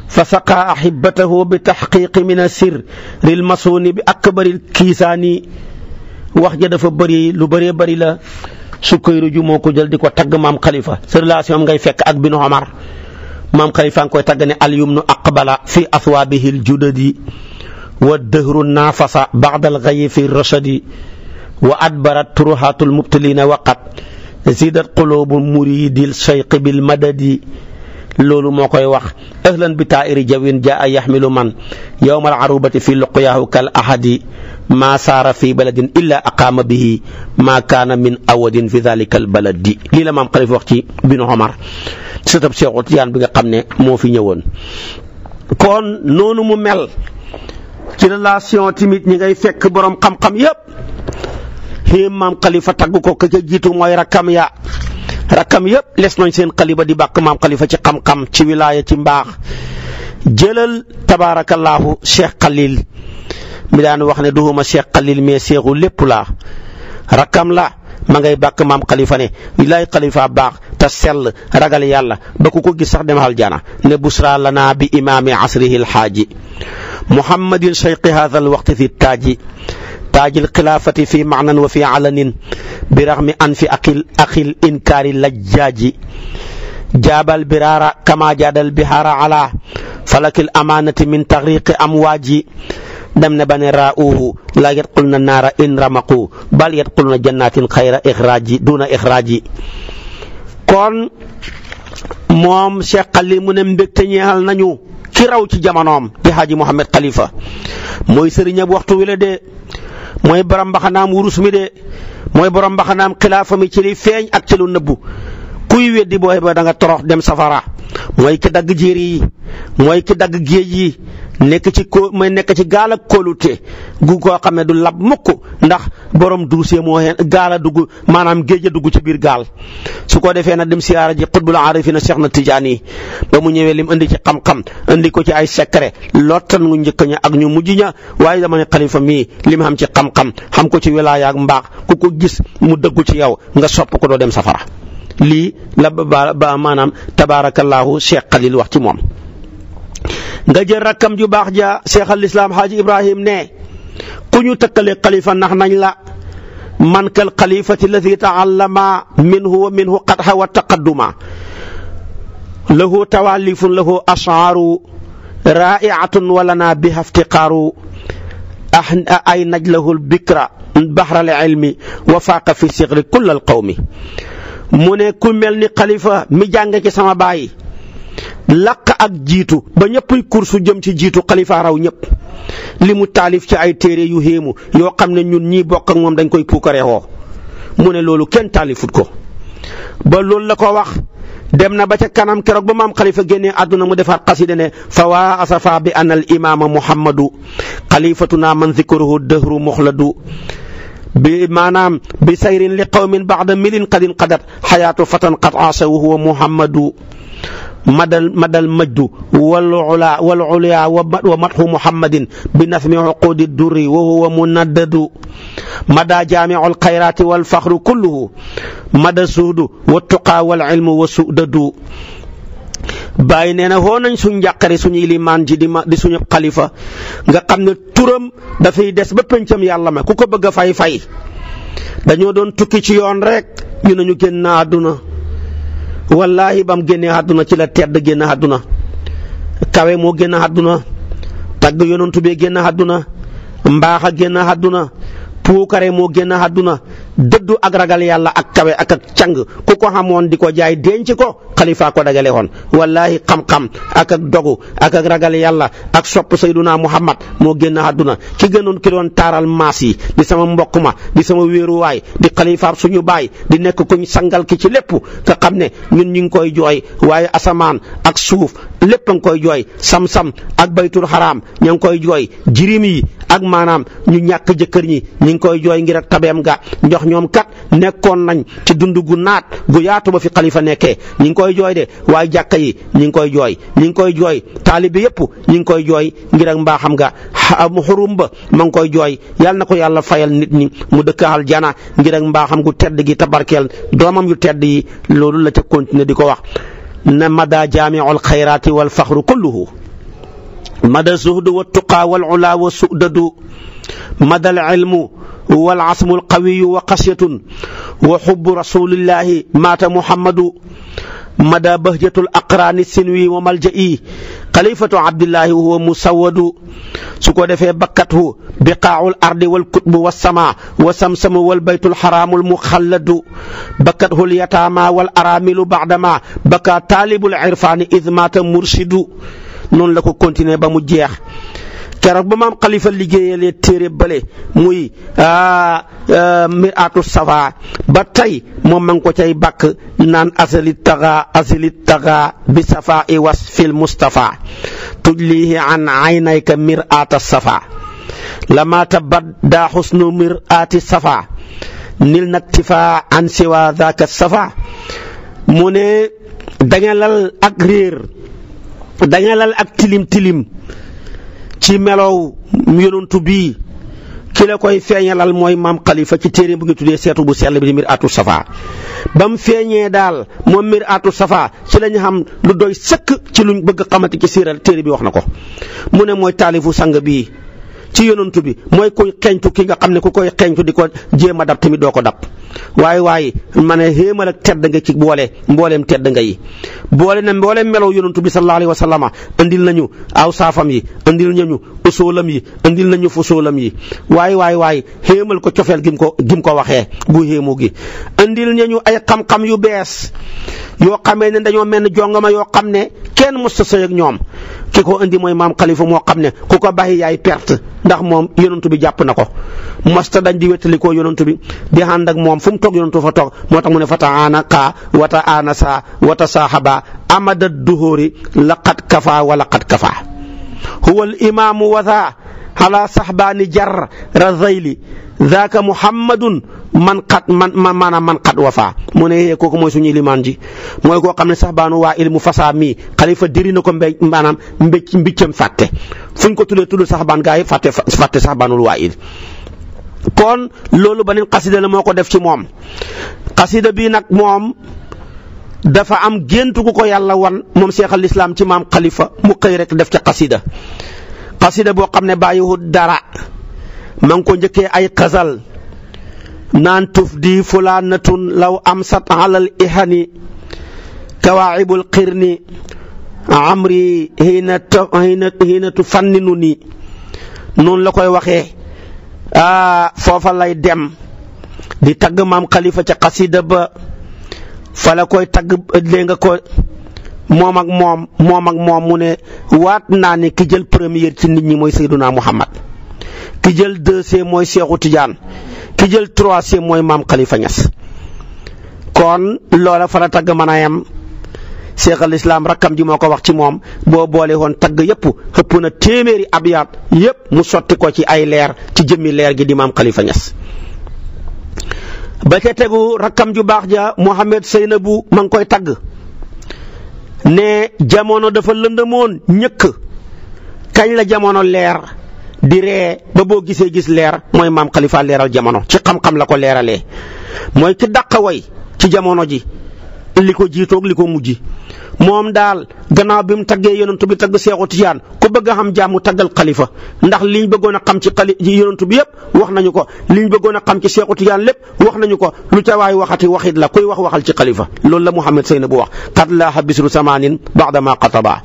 fa saqaa ahibatahu bi taxqiqi min asir ril masuuni bi akbaril kiisaani wax ja dafa bëri lu bëree bëri la sukkayru ju moo ko jël di ko tagg maam Khalifa sa relation am ngay fekk ak bin Omar maam Khalifa nga koy tagg ne alyumnu aqbala fi athwaabihi aljudadi wa dëhru naafasa ba'da algayi fi rashadi wa adbarat turuhaatul mubtilina waqat zidat qulubu muridil shayqi bil madadi loolu moo koy wax ahlan bi taa'iri jawin jaa yaxmilu man yowma alarubati fi luqyaahu kal ahadi maa saara fi baladin illa aqaama bihi maa kaana min awadin fi dalika al baladi lii la maam xalif wax ci binu Omar sëtëb Seexu Tijaan bi nga xam ne moo fi ñëwoon kon noonu mu mel ci relation timit ñi ngay fekk borom xam-xam yépp him maam xalifa tagg ko ka ca jiitu mooy rakkam ya rakkam yëpp les nañ seen xaliba di bàkk maam xalifa ci xam-xam ci wilaaya ci mbaax jëlal tabaarakallaahu cheikh xalil mi daan wax ne duhuma cheikh xalil mais seexu lépp laa rakkam la ma ngay bàkk maam xalifa ne wilaay xalifa baax te sell ragal yàlla ba ku ko gis sax dem aljana ne busra lana bi imaami asrihi alxaaji muhammadin cheyqi haada alwaqti fi taaji taajil xilaafati fi maanan wa fi alanin bi raxmi an fi akil akil inkaari lajjaaji jaabal biraara kama jaadal bihaara ala falakil amaanati min taxriqi amwaaji dem na ba ne raauhu la yadxulna naara in ramaqu bal yadxulna jannatin xayra ixraaji duna ixraaji kon moom Cheikh Xalil mu ne mbégte ñeexal nañu ki raw ci jamonoom di Xaaji Mouhamed Khalifa mooy sëriñam waxtu wi la de mooy borom mbaxanaam wurus mi de mooy borom mbaxanaam xilaafa mi ci li feeñ ak ci lu nëbbu kuy weddi booy ba da nga torox dem safara mooy ki dagg jéer yi mooy ki dagg géej yi nekk ci ko mooy nekk ci gaal ak kóolute gu koo xam ne du lab mukk ndax borom duusee moo xeen gaal dugg maanaam géej a dugg ci biir gaal su ko defee na dem siyaara ji xutbul aarifina Cheikh na Tijaan yi ba mu ñëwee lim indi ci xam-xam indi ko ci ay secret lotta ngu njëkk ña ak ñu mujj ña waaye dama ne xalifa mii lim xam ci xam-xam xam ko ci wilaaya ak mbaax ku ko gis mu daggu ci yow nga sopp ko doo dem safara lii la ba ba maanaam tabaarakallaahu Cheikh Khalil wax ci moom. nga jël rakkam ju baax ja Cheikh al Islam Haji Ibrahim ne ku ñu tëkkale xalifa nax nañ la man kal xalifati alladi taallama minhu wa minhu qadha wa taqadduma lahu tawalifun lahu ashaaru raa'iatun walana biha iftiqaaru ah, ay najlahu lbikra bahra al ilmi wa faaqa fi sigri kulla al qawmi mu ne ku mel ni xalifa mi jàng ci sama baay làq ak jiitu ba ñëppay kursu jëm ci jiitu xalifa raw ñépp li mu taalif ci ay téere yu héemu yoo xam ne ñun ñii bokk ak moom dañ koy puukareexoo mu ne loolu kenn taalifut ko ba loolu la ko wax dem na ba ca kanam keroog ba mu am xalifa génnee àdduna mu defaat xasida ne fa waa asafa bi anal imaama muhammadu xalifatuna man zikruhu dëhru muxladu bi maanaam bi sayrin li qawmin baxda milin qadin qadat xayaatu fatan qad aasa wa huwa muhammadu madal madal majdu wal ula wal ulya wa matxu muhammadin bi nafmi uqudi durri wa huwa munaddadu mada jaamiu alxayraati wal faxru kulluhu mada zuhdu wa tuqa wal ilmu wa sudadu bàyyi nee na woo nañ suñ njàqare suñu limaan ji di suñu xalifa nga xam ne turam dafay des ba pëncam yàlla ma ku ko bëgg a fay fay dañoo doon tukki ci yoon rek ñu nañu ñu génn àdduna wallaahi bam mu génnee àdduna ci la tedd génn àdduna kawe moo génn àdduna tagg yonantu bee génn àdduna mbaax a génn àdduna puukare moo génn àdduna dëddu ak ragal yàlla ak kawe ak ak cang ku ko xamoon di ko jaay denc ko xalifa ko dagale woon wallahi xam-xam ak ak dogu ak ak ragal yàlla ak sopp sayduna muhammad moo génn àdduna ki gënoon ki doon taaral maas yi di sama mbokk ma di sama wéeruwaay di xalifaab suñu baay di nekk kuñ sangal ki ci lépp nga xam ne ñun ñu ngi koy jooy waaye asamaan ak suuf lépp a ngi koy jooy sam-sam ak baytul xaraam ña ngi koy jooy jirim yi ak maanaam ñu ñàkk jëkkër ñi ñu ngi koy jooy ngir ak tabeem ga njox ñoom kat nekkoon nañ ci dund gu naat gu yaatu ba fi xalifa nekkee ñu ngi koy jooy de waaye jàkka yi ñu ngi koy jooy ñu ngi koy jooy taalibe yépp ñu ngi koy jooy ngir ak mbaaxam ga am xurum ba ma ngi koy jooy yal na ko yàlla fayal nit ñi mu dëkk aljana ngir ak mbaaxam gu tedd gi tabarkeel doomam yu tedd yi loolu la ca continuer di ko wax na mada jaamiul xayraati wal faxru kulluhu mada zuhdu wa tuqaa wal ulaa wa sudadu mada al ilmu wal asmu alqawiyu wa xasiyatun wa xubbu rasulillahi maata muhammadu mada bahjatul aqraani sinwi wa malja'i xalifatu abdillahi wa huwa musawadu su ko defee bakkathu biqaaul ardi wal kutbu wa sama wa samsamu wal baytul xaraamul muxalladu bakkathul yataama wal araamilu baadama baka taalibul irfaani id maata murshidu noonu la ko continuer ba mu jeex keroog ba kalifa xalifa liggéeyalee téere bale muy ah, ah, miraatu safa ba tey moom ma ko cay bàkk naan asali taxa asali taxa bi safa i wasfil mustafa tujlihi an aynayka miraata safa lama tabadda xusnu miraati safa nil nag tifa an siwa daka safa mu ne dangalal ak réer danga lal ak tilim tilim ci melow yonantu bii ki la koy feeñalal mooy maam xalifa ci téere bu ngi tuddee seetu bu sell bi di mir atu safa ba feeñee daal moom mir atu safa ci lañu xam lu doy sëkk ci luñ bëgg xamante ci siiral téere bi wax na ko mu ne mooy taalifu sanga bii ci yonantu bi mooy kuy xencu ki nga xam ne ku koy xencu di ko jéem a dab tamit doo ko dab waaye waaye ma ne xéemal ak nga ci boole mbooleem tedd nga yi boole na mbooleem melow yonantu bi sallallahu alayhi wa sallama andil nañu aw saafam yi andil nañu usoolam yi andil nañu fusoolam yi waaye waaye waaye xéemal ko cofeel gim ko gim ko waxee gu xéemu gi andil ñu ay xam-xam yu bees yoo xamee ne dañoo mel ni jongama yoo xam ne kenn mos a sëy ñoom ki ko indi mooy maam xalifa moo xam ne ku ko bàyyi yaay perte ndax moom yonantu bi jàpp na ko masta dañ di wettalikoo yonantu bi di ànd ak moom fu mu toog yonantu fa toog moo tax mu ne fa taanaka wa taanasa wa tasaaxaba amada duhóori laqad kafa wa laqad kafa huwa imaamu watha ala saxbaani jar razayli zaaka muhammadun man xat man maanaam man xat wafaa mu ne kooku mooy suñu limaan ji mooy koo xam ne saxbaanu waa ilmu fasaa mii xalifa diri na ko mbé maanaam mbécc mbiccam fàtte fu ñu ko tuddee tudd saxbaan gaa yi fàtte fàtte saxbaanul waa il kon loolu beneen xasida la moo ko def ci moom xasida bi nag moom dafa am géntu gu ko yàlla wan moom seexal lislaam ci maam kalifa mu xëy rek def ca xasida xasida boo xam ne bàyyiwut dara ma ko njëkkee ay xasal naan tuf di fulaanatun law amsat alal ihani kawaayibul xirni amri fanninu ni noonu la koy waxee foofa lay dem di tagg maam xalifa ca xasida ba fa la koy tagg dégg nga ko moom ak moom moom ak moom mu ne waat naa ne ki jël première ci nit ñi mooy Seydouna Muhammad ki jël deuxième mooy Seexu Tijaan ki jël troisième mooy maam Khalifa Niass kon loola fa la tagg mana yam yem Seex al rakkam ji moo ko wax ci moom boo boole woon tagg yëpp xëpp na téeméeri abyaat yëpp mu sotti ko ci ay leer ci jëmmi leer gi di maam Khalifa Niass ba ca tegu rakkam ju baax ja Mohamed Seynabu ma ngi koy tagg. ne jamono dafa lëndëmoon ñëkk kañ la jamono leer di ree ba boo gisee gis leer mooy maam Khalifa leeral jamono ci xam-xam la ko leeralee mooy ki dàq woy ci jamono ji. li ko jiitoog li ko mujj moom daal gannaaw bi mu taggee yonentu bi tagg Seexu Tijaan ku bëgg a xam jàmm taggal xalifa ndax liñ bëggoon a xam ci xali yonentu bi yëpp wax na ko liñ bëggoon a xam ci Seexu Tijaan lépp wax nañu ko lu ca waay waxati waxit la kuy wax waxal ci xalifa loolu la Muhammad Seyna bu wax qad laaha bisru samanin ba'da ma qataba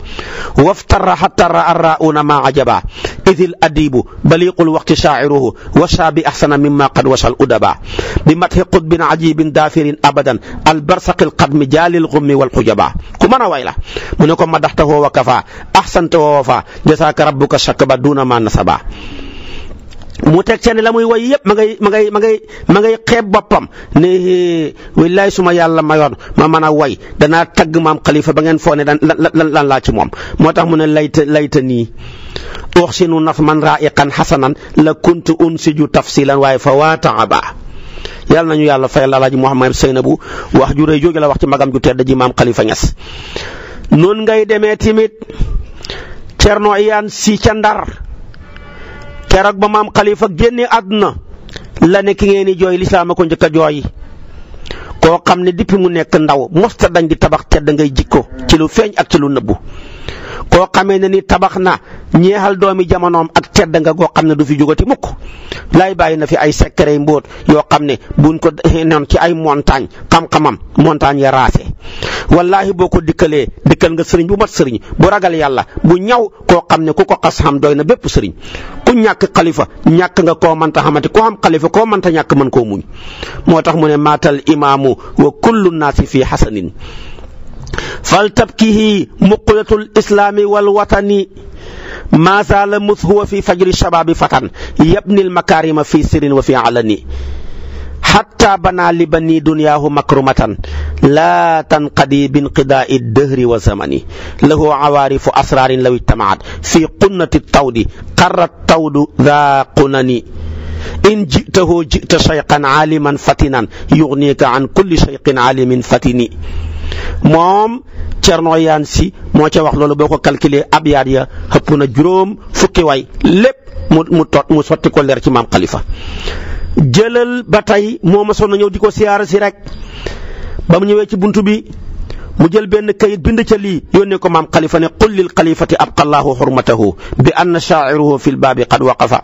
waftara hatta arrauna ma ajaba idil adibu baliqul waqti shaa'iruhu washa bi ahsana mimma qad washa al udaba bi mathi qutbin ajibin dafirin abadan al barsaqil qadmi xummi jaalil xummi wal xujaba ku mën a way la mu ne ko madaxtahoo wa kafa ahsantahoo wa fa jasaaka rabbuka shakaba duuna ma nasaba mu teg ca ne la muy way yëpp ma ngay ma ngay ma ngay ma boppam ne wallaay su ma yàlla mayoon ma mën a woy danaa tagg maam xalifa ba ngeen foo ne lan lan laa ci moom moo tax mu ne layta layta nii uxsinu naf man raiqan la kuntu unsiju tafsilan waaye fa waa taaba yàlla nañu yàlla fayal alaaji Mouhamed Seynabu wax ju rëy jóge la wax ci magam ju tedd ji maam Khalifa Niass noon ngay demee timit Cerno si ca Ndar keroog ba maam Khalifa génne àdduna la ne ki ngeen di jooy lislaam a ko njëkk jooy koo xam ne depuis mu nekk ndaw mosta dañ di tabax tedd ngay ko ci lu feeñ ak ci lu nëbbu koo xamee ne ni tabax na ñeexal doomi jamonoom ak tedd nga goo xam ne du fi jógati mukk lay bàyyi na fi ay secret mbóot yoo xam ne buñ ko noon ci ay montagne xam-xamam montagne ya raase wallahi boo ko dikkalee dikkal nga sëriñ bu mat sëriñ bu ragal yàlla bu ñaw koo xam ne ku ko xas xam doy na bépp sëriñ ku ñàkk kalifa ñàkk nga koo mënta xamante ku xam kalifa koo manta ñàkk mën koo muñ moo tax mu ne maatal imaamu wa kullu naasi fi hasanin fal tabkihi muqulatul islaami wal watani maa zaala mus huwa fi fajri shababi fatan yabnil makaarima fi sirin wa fi alani xatta banaa li banii dunyaahu makrumatan laa tanqadi binqidaai dëhri wa zamani lahu awaarifu asraarin law ijtamaat fi qunnati tawdi qarrat tawdu daa qunani in jitahu jita shayqan aaliman fatinan yugniika an kulli shayqin aalimin fatini moom Cerno Yaan Si moo ca wax loolu boo ko calculer ab ya xëpp na juróom fukki way lépp mu mu mu sotti ko leer ci maam Khalifa jëlal ba tey moo ma sonn ñëw di ko siyaara si rek ba mu ñëwee ci buntu bi mu jël benn kayit bind ca lii yónnee ko maam Khalifa ne qul lil xalifati abqallahu xurmatahu bi anna shaa'iruhu fil baabi qad waqafa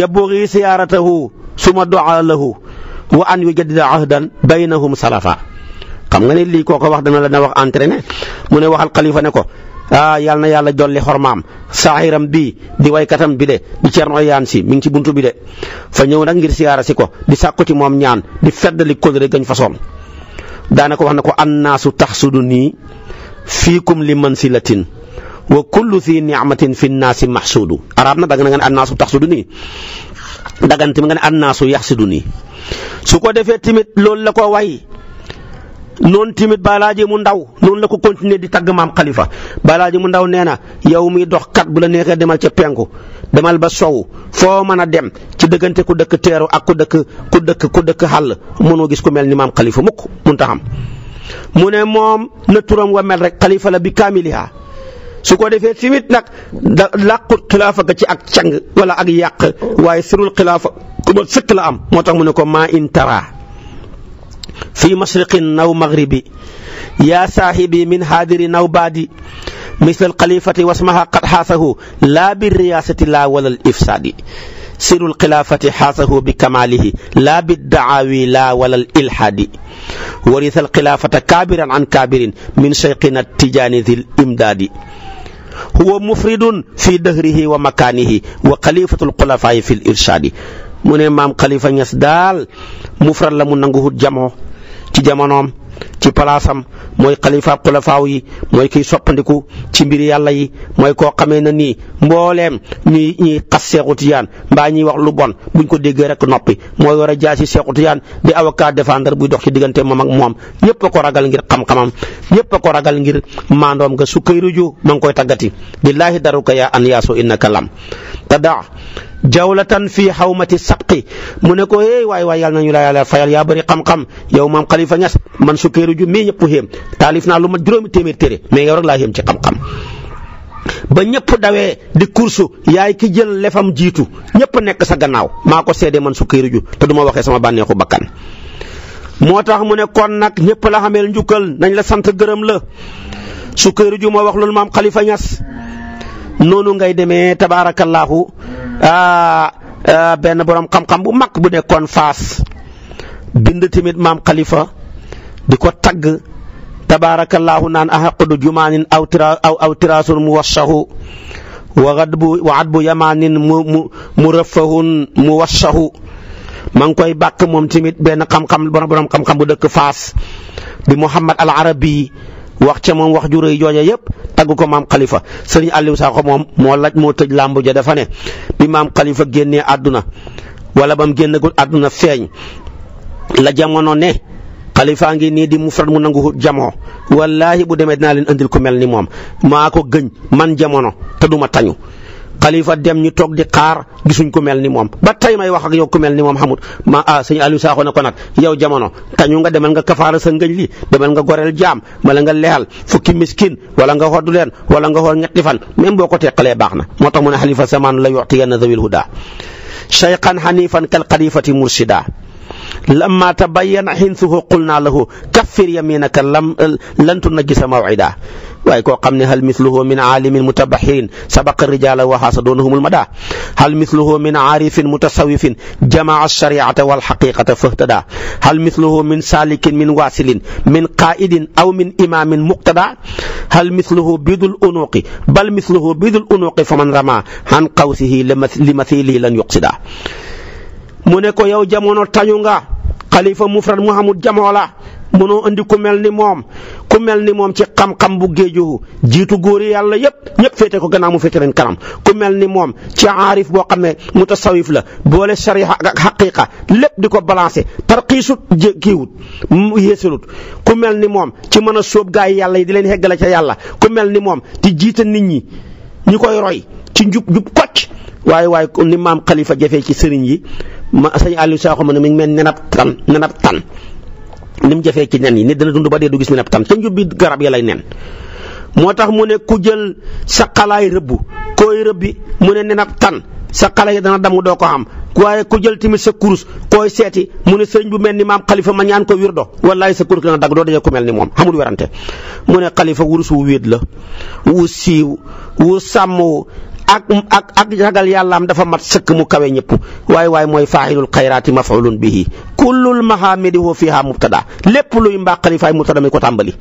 yabughi siyaaratahu suma doa lahu wa an yujaddida ahdan baynahum salafa xam nga ne lii koo ko wax dana la na wax entraîné mu ne waxal xalifa ne ko ah yàlla na yàlla dolli xormaam saaxiram bii di way katam bi de di Cerno Yaan si mi ngi ci buntu bi de fa ñëw na ngir siyaara si ko di sàkku ci moom ñaan di feddali kóllëre gañ fasoon ko wax na ko annaasu taxsudu nii fiikum li mansilatin wa kullu si nicmatin fi naasi maxsuudu arab na dagg na nga ne annaasu taxsudu nii daggante mi nga ne annaasu yaxsudu nii su ko defee tamit loolu la ko way noonu tamit balaaji mu ndaw noonu la ko continuer di tagg maam xalifa balaaji mu ndaw nee na yow miy dox kat bu la neexee demal ca penku demal ba sow foo mën a dem ci dëggante ku dëkk teeru ak ku dëkk ku dëkk ku dëkk xàll mënoo gis ku mel ni maam xalifa mukk mun ta xam mu ne moom na turam wa mel rek xalifa la bi kaamiliha su ko defee tamit nag da làqut xilaafa ga ci ak càng wala ak yàq waaye sirul xilaafa ku ma la am moo tax mu ne ko maa in fii mashriqin naw maghribi yaa saahibi min haadiri naw baadi misla alxalifati wasmaha qad xaasahu laa bi riyaasati laa wala al ifsaadi sirul xilaafati xaasahu bi kamaalihi laa bi daawi laa wala al ilhaadi warisa alxilaafata kaabiran an kaabirin min cheyqina tijaani dil imdaadi huwa mufridun fi dahrihi wa makaanihi wa xalifatul xulafaayi fi l irshaadi mu ne maam xalifa ñas daal mufrad la mu nanguwut jamoo ci jamonoom ci palaasam mooy xalifa xulafaaw yi mooy kiy soppandiku ci mbir yàlla yi mooy koo xamee na nii mbooleem ñuy ñuy xas Seexu Tijaan mbaa ñuy wax lu bon buñ ko déggee rek noppi mooy war a jaasi Seexu Tijaan di avocat défendre buy dox ci diggante moom mag moom ñëpp a ko ragal ngir xam-xamam ñëpp a ko ragal ngir maandoom nga su koy ruju ma ngi koy tàggati billaahi daruka yaa an yaasu innaka lam tadaa jawlatan fii xawmati sabqi mu ne ko hey waay waay yàlla nañu la yàlla fayal yaa bëri xam-xam yow maam Khalifa Niass man sukkeeru ju mii ñëpp xéem taalif naa lu ma juróomi téeméer téere mais yow rek laa xéem ci xam-xam. ba ñëpp dawee di kursu yaay ki jël lefam jiitu ñëpp nekk sa gannaaw maa ko seede man sukkeeru ju te du ma waxee sama bànneexu bakkan moo tax mu ne kon nag ñëpp la xameel njukkal nañ la sant gërëm la sukkeeru ju moo wax loolu maam Khalifa Niass noonu ngay demee tabaarakallaahu ah, ah, benn borom xam-xam bu mak bu nekkoon faas bind tamit maam kalifa di ko tagg tabaarakallaahu naan ahaqdu jumaanin aw tira aw aw wa adbu wa yamaanin mu mu mu rëfahun muwashahu maa ngi koy bàkk moom tamit benn xam-xam borom borom xam bu dëkk faas di Muhammad al Arabi wax ca moom wax ju rëy jooja yëpp tagg ko maam Khalifa sëriñ Aliou Sakho moom moo laaj moo tëj làmb ja dafa ne bi maam Khalifa génnee àdduna wala bam génne génnagul àdduna feeñ la jamono ne Khalifa ngi nii di mufrad mu nangu jamoo wallaahi bu demee dinaa leen andil ku mel ni moom maa ko gëñ man jamono te duma tañu. xalifa dem ñu toog di xaar gisuñ ku mel ni moom ba tey may wax ak yow ku mel ni moom xamut ma ah sëñ Aliou Sakho ne ko nag yow jamono tañu nga demal nga kafaara sa ngëñ li nga goreel jaam wala nga leexal fukki miskin wala nga xoddu leen wala nga xool ñetti fan même boo ko teqalee baax na moo tax mu ne xalifa samaan la yoxtiyanna zawil huda cheyqan xanifan kal xalifati mursida lamma tabayyana xinsuhu qulna lahu kaffir yaminaka lam lan tunajjisa maw'ida waaye koo xam ne hal misluhu min aalimin mutabaxirin sabaqa rijaala wa xaasadunahumul mada hal misluhu min aarifin mutasawifin jamaa alshariata walxaqiqata fahtada hal misluhu min saalikin min waasilin min qaa'idin aw min imaamin muqtada hal misluhu bidul unuqi bal misluhu bidul unuqi faman rama an qawsihi limathili lan yuqsida mu ne ko yow jamono tañu nga xalifa mufrad muhamud jamoo la mënoo andi ku mel ni moom ku mel ni moom ci xam-xam bu géeju jiitu góor yi yàlla yëpp ñëpp féete ko gannaaw mu féete leen kanam ku mel ni moom ci aarif boo xam ne mutasawif la boole sariha ak lépp di ko balancé tarxiisut kiiwut yéesalut ku mel ni moom ci mën a sóob gaa yi yàlla yi di leen heggale ca yàlla ku mel ni moom di jiite nit ñi ñi ko roy ci njub njub waaye waaye comme ni maam Khalifa jafe ci sëriñ yi ma sëñ Aliou Sakho ma ne mi ngi mel nenab tan nenab tan ni mu jafee ci nen yi nit dana dund ba dee du gis nenab tan te njubbi garab ya lay nen. moo tax mu ne ku jël sa xalaay rëbb koy rëbbi mu ne nenab tan sa xalaay dana dam doo ko am waaye ku jël tamit sa kurus koy seeti mu ne sëriñ bu mel ni maam xalifa ma ñaan ko wirdo wallaay sa kurus dana dagg doo daje ku mel ni moom xamul werante mu ne xalifa wurus wu wéet la wu siiw wu sàmm ak ak ak ragal yàllaam dafa mat sëkk mu kawe ñëpp waay waay mooy faa'ilul xayraati maf'ulun bihi kullul mahamidi wa fiha mubtada lépp luy mbaax xalifaay mubtada mi ko tàmbali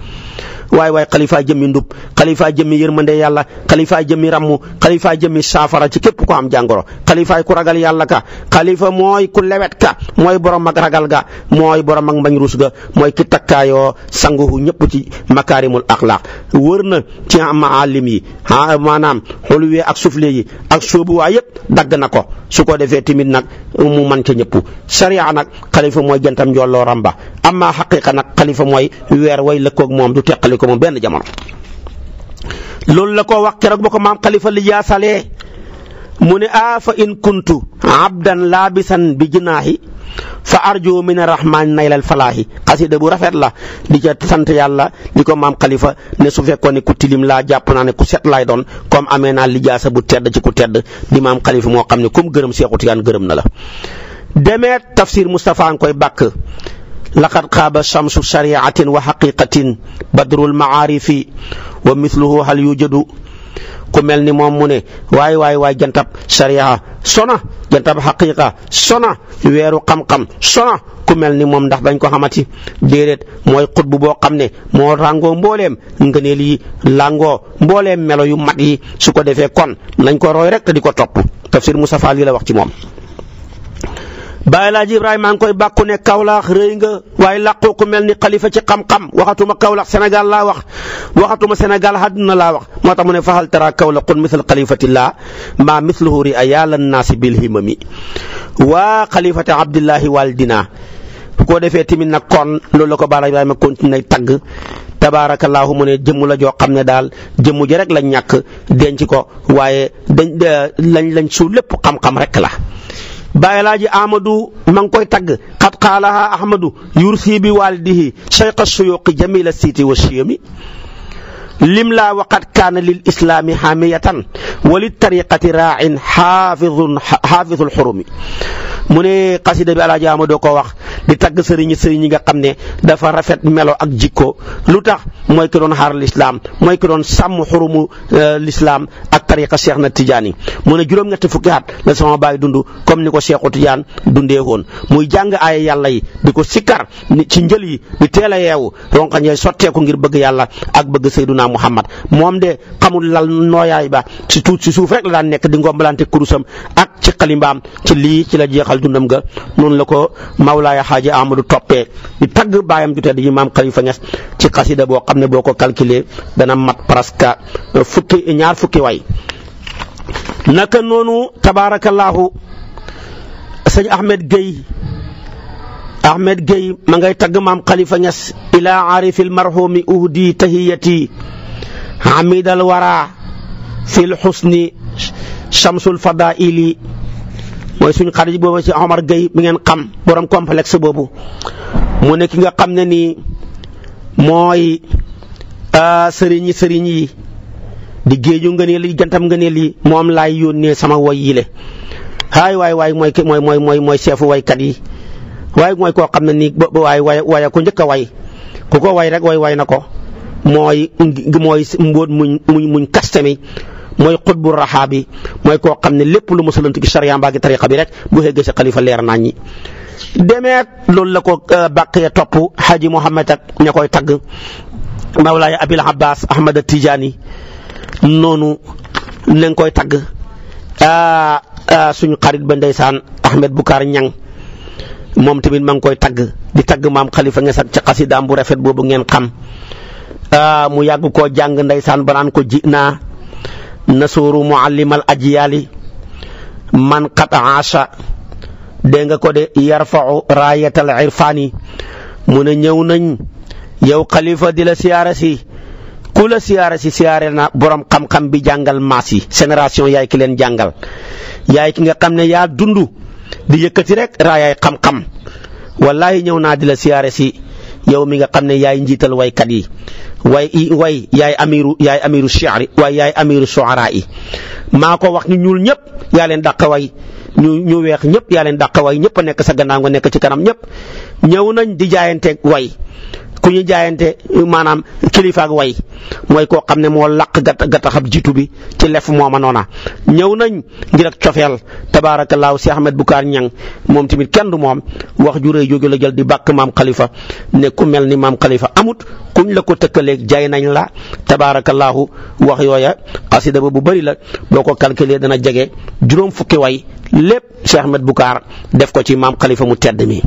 waaye waaye xalifaay jëmmi ndub xalifaay jëmmi yërmande yàlla xalifaay jëmmi rammu xalifaay jëmmi saafara ci képp ko am jàngoro xalifaay ku ragal yàlla ka xalifa mooy ku lewet ka mooy borom ak ragal ga mooy borom ak mbañ rus ga mooy ki takkaayoo sanguhu ñëpp ci makaarimul axlaaq wër na ci maalim yi ah maanaam xulwee ak sufle yi ak sóobuwaay yëpp dagg na ko su ko defee tamit nag mu mën ca ñëpp sariya nag xalifa xalifa mooy jantam njollooram ba amma xaqiqa nag xalifa mooy weer way lëkkoog moom du teqali ko moom benn jamono. loolu la ko wax keroog ko maam xalifa mu ne a fa in kuntu abdan laabisan bi jinaahi fa arju min arrahmaan naylal falaahi xasida bu rafet la di ca sant yàlla di ko maam xalifa ne su fekkoon ne ku tilim laa jàpp naa ne ku set laay doon comme amee naa lijaasa bu tedd ci ku tedd di maam xalifa moo xam ne comme gërëm Seexu Tijaan gërëm na la demeet tafsir Moustapha nga koy bàkk laqad xaaba chamsu shariatin wa xaqiqatin badrul maarifi wa mithluhu hal yujadu ku mel ni moom mu ne waay waay waay jantab sharia sona jantab xaqiqa sona weeru xam-xam sona ku mel ni moom ndax dañ ko xamati déedéet mooy bu boo xam ne moo ràngoo mbooleem ngëneel yi mboolem melo yu mat yi su ko defee kon nañ ko roy rek te di ko topp tafsir Moustapha lii la wax ci moom Baay Laaji Ibrahima a koy bàkku ne Kaolack nga waaye làqoo ku mel ni xalifa ci xam-xam waxatuma Kaolack Sénégal laa wax waxatuma Sénégal àdduna laa wax moo tax mu ne fahal tara Kaolackun misl laa maa misluhu ri'ayaa lannaasi bil himami waa xalifati Abdillahi waldina bu ko defee tamit nag kon loolu la ko Baay Laaji Ibrahima continué tagg tabaarakallaahu mu ne jëmm la joo xam ne daal jëmm ji rek lañ ñàkk denc ko waaye dañ lañ lañ suul lépp xam rek la. Baay Laaji Amadou ma ngi koy tagg xat qaalaha Ahmadu yursi bi waalidihi cheikh suyuqi jamila siiti wa chiyami lim laa waqat kaana lil islaami xaamiyatan wa li tariqati raacin xaafidun xaafidul xurumi mu ne xasida bi alaaji Amadou ko wax di tagg sëriñi sëriñi nga xam ne dafa rafet melo ak jikko lu tax mooy ki doon xaar lislaam mooy ki doon sàmm xurumu euh, lislaam ak tariqa Cheikh na Tidiane mu ne juróom-ñetti fukki at la sama baay dund comme ni ko Cheikhu tijaan dundee woon muy jàng aaya yàlla di ko sikkar ci njël yi di teel a yeewu ronkañ yooyu sotteeku ngir bëgg yàlla ak bëgg Seyduna Muhammad moom de xamul lal nooyaay ba si tuut si suuf rek la daan nekk di ngombalante ci xalimbaam ci lii ci la jeexal dundam ga noonu la ko Mawlaaya Xaaji Amadou toppee di tagg baayam ju tedd ji maam Khalifa Niass ci xasida boo xam ne boo ko calculé dana mat presque euh, fukki ñaar fukki way naka noonu tabaarakallaahu sëñ Ahmed Guèye Ahmed Guèye ma ngay tagg maam Khalifa Niass ilaa aarifil marhumi uhdi tahiyati amidal wara fil xusni Shamsul Fadaili mooy suñ xarit boobu ci Omar Gueye bi ngeen xam borom complexe boobu mu ne ki nga xam ne nii mooy ah, sëriñi sëriñ yi di géeju ngëneel yi jantam ngëneel yi moom laay yónnee sama woy yi le haay waay waay mooy mooy mooy mooy mooy seefu waykat yi waaye mooy koo xam ne nii ba waay waay ko njëkk a way ku ko way rek way way na ko mooy mooy mbóot muñ muñ muñ kaste mooy xutbu raxaa bi mooy koo xam ne lépp lu musalantu ci sariya mbaa gi tariqa bi rek bu xëggee si xalifa leer nañ ñi demeet loolu la ko euh, bàqee topp xaji Muhammad ak ña koy tagg Mawlaaya Abil Abbas Ahmad Tijaani noonu nañ koy tagg suñu xarit ba ndeysaan Ahmed Boucar Ñang moom tamit ma ngi koy tagg di tagg maam xalifa nga sax ci bu rafet boobu ngeen xam mu yàgg ko jàng ndeysaan ba ko ji naa na nasuuru muallimal ajyaali man qad aasha dégg nga ko de yarfau raayatal irfaani mu ne ñëw nañ yow xalifa di la siyaara si ku siyaara si siyaare na borom xam-xam bi jàngal maas yi génération yaay ki leen jàngal yaay ki nga xam ne yaa dund di yëkkati rek raayaay xam-xam wallaahi ñëw naa di la siyaare si yow mi nga xam ne yaay njiital waykat yi way way yaay amiru yaay amiru shi'ri waaye yaay amiru shu'ara yi maa ko wax ñuul ñëpp yaa leen dàq way ñu ñu weex ñëpp yaa leen dàq way ñëpp a nekk sa gannaaw nga nekk ci kanam ñëpp ñëw nañ di jaayanteeg way ku ñu jaayante maanaam kilifaak way mooy koo xam ne moo laq gata gataxab jiitu bi ci lef mooma noona ñëw nañ ngir ak cofeel tabaarakallaahu si Ahmed Bukaar Ñang moom tamit kenn du moom wax ju rëy jóge la jël di bàkk maam kalifa ne ku mel ni maam kalifa amut kuñ la ko tëkkaleeg jaay nañ la tabaarakallaahu wax yooya xasida ba bu bëri la boo ko calculer dana jege juróom fukki way lépp si Ahmed Bukaar def ko ci maam Khalifa mu tedd mi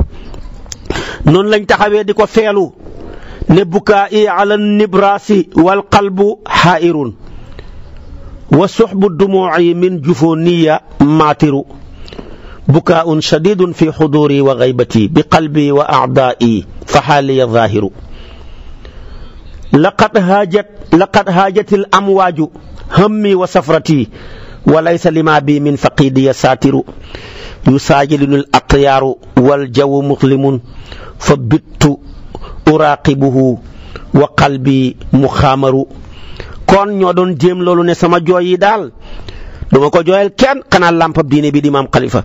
noonu lañ taxawee di ko ne bukaa'i ala nibraasi wal qalbu xaa'irun wa suxbu dumuuci min jufooniya maatiru bukaa'un shadiidun fi xuduuri wa gaybati bi qalbi wa acdaa'i fa xaaliya zaahiru laqad haajat laqad haajat il amwaaju hammi wa safrati wa laysa lima bi min faqidiya saatiru yusaajiluni l atyaaru wal jawu muxlimun fa bittu uraaqibuhu wa qalbi mu xaamaru kon ñoo doon jéem loolu ne sama jooy yi daal duma ko jooyal kenn xanaa làmpab diine bi di maam Khalifa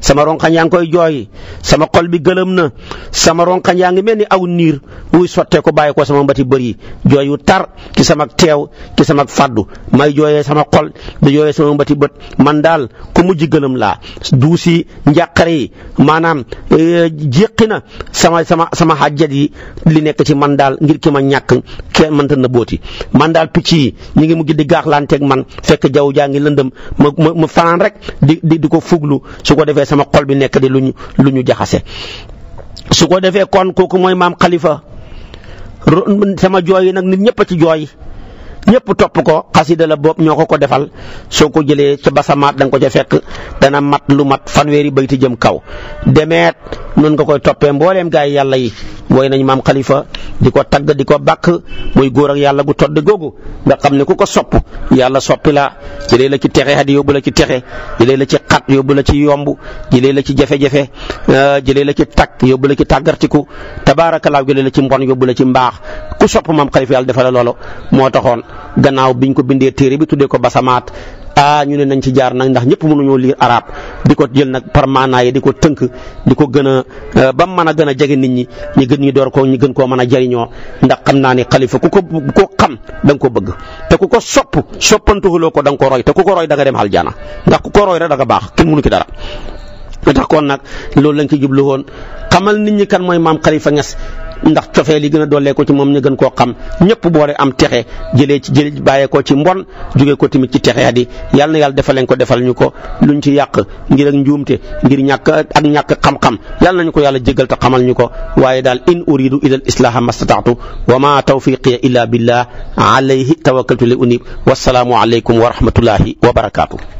sama rongañ yaa ngi koy jooy sama xol bi gëlëm na sama ronkañ yaa ngi mel ni aw niir wuy sottee ko bàyyi ko sama mbati bëri jooy yu tar ci sama teew ki sama faddu may jooy sama xol di jooyee sama mbati bët man daal ku mujj gëlëm laa duusi njàqare yi maanaam eh, jéqi na sama sama sama xajjat yi li nekk ci man daal ngir ki ma ñàkk kenn mënta na booti man daal picc yi ngi mujj di gaaxlanteeg man fekk jaww jaa ngi lëndëm ma rek di di ko fuglu su ko defee sama xol bi nekk di luñ ñu jaxase su ko defee kon kooku mooy maam kalifa sama jooy yi nag nit ñëpp a ci jooy ñëpp topp ko xasida la boobu ñoo ko ko defal soo ko jëlee ca basamaat da ko ca fekk dana mat lu mat fanweeri bayti jëm kaw demeet noonu nga koy toppee mbooleem gaay yàlla yi woy nañ maam kalifa di ko tagg di ko bàkk muy góor ak yàlla gu todd googu nga xam ne ku ko sopp yàlla soppila la jëlee la ci texe xadi yóbbu la ci texe jëlee la ci xat yóbbu la ci yomb jëlee la ci jafe-jafe euh, jëlee la ci tag yóbbu la ci tàggartiku tabaarakallaa jëlee la ci mbon yóbbu la ci mbaax ku sopp maam xalifa yàlla defal la moo taxoon gannaaw biñ ko bindee téere bi tuddee ko basamaat ah ñu ne nañ ci jaar nag ndax ñëpp mënuñoo lire arab di ko jël nag par maanaa yi di ko tënk di ko gën a euh, ba mën a gën a jege nit ñi ñu gën ñi door ko ñu gën koo mën a jariñoo ndax xam naa ne xalifa ku ko ko xam da nga ko bëgg te ku ko sopp soppantuxuloo ko da nga ko roy te ku ko roy da nga dem aljana ndax ku ko roy rek da nga baax ken mënu ki dara. tax kon nag loolu lañ ci jublu woon xamal nit ñi kan mooy maam xalifa Ñas ndax cofee li gën a dollee ko ci moom ñu gën koo xam ñëpp boore am texe jëlee ci jël bàyyee ko ci mbon jógee ko tamit ci texe adi yàlla na yàlla defal leen ko defal ñu ko luñ ci yàq ngir ak njuumte ngir ñàkk ak ñàkk xam-xam yàlla nañu ko yàlla jégal ta xamal ñu ko waaye daal in uridu ila al islaha mastataatu wa ma tawfiqiya illa billah alayhi tawakkaltu uni wa wasalaamu aleykum wa rahmatullahi wa barakaatu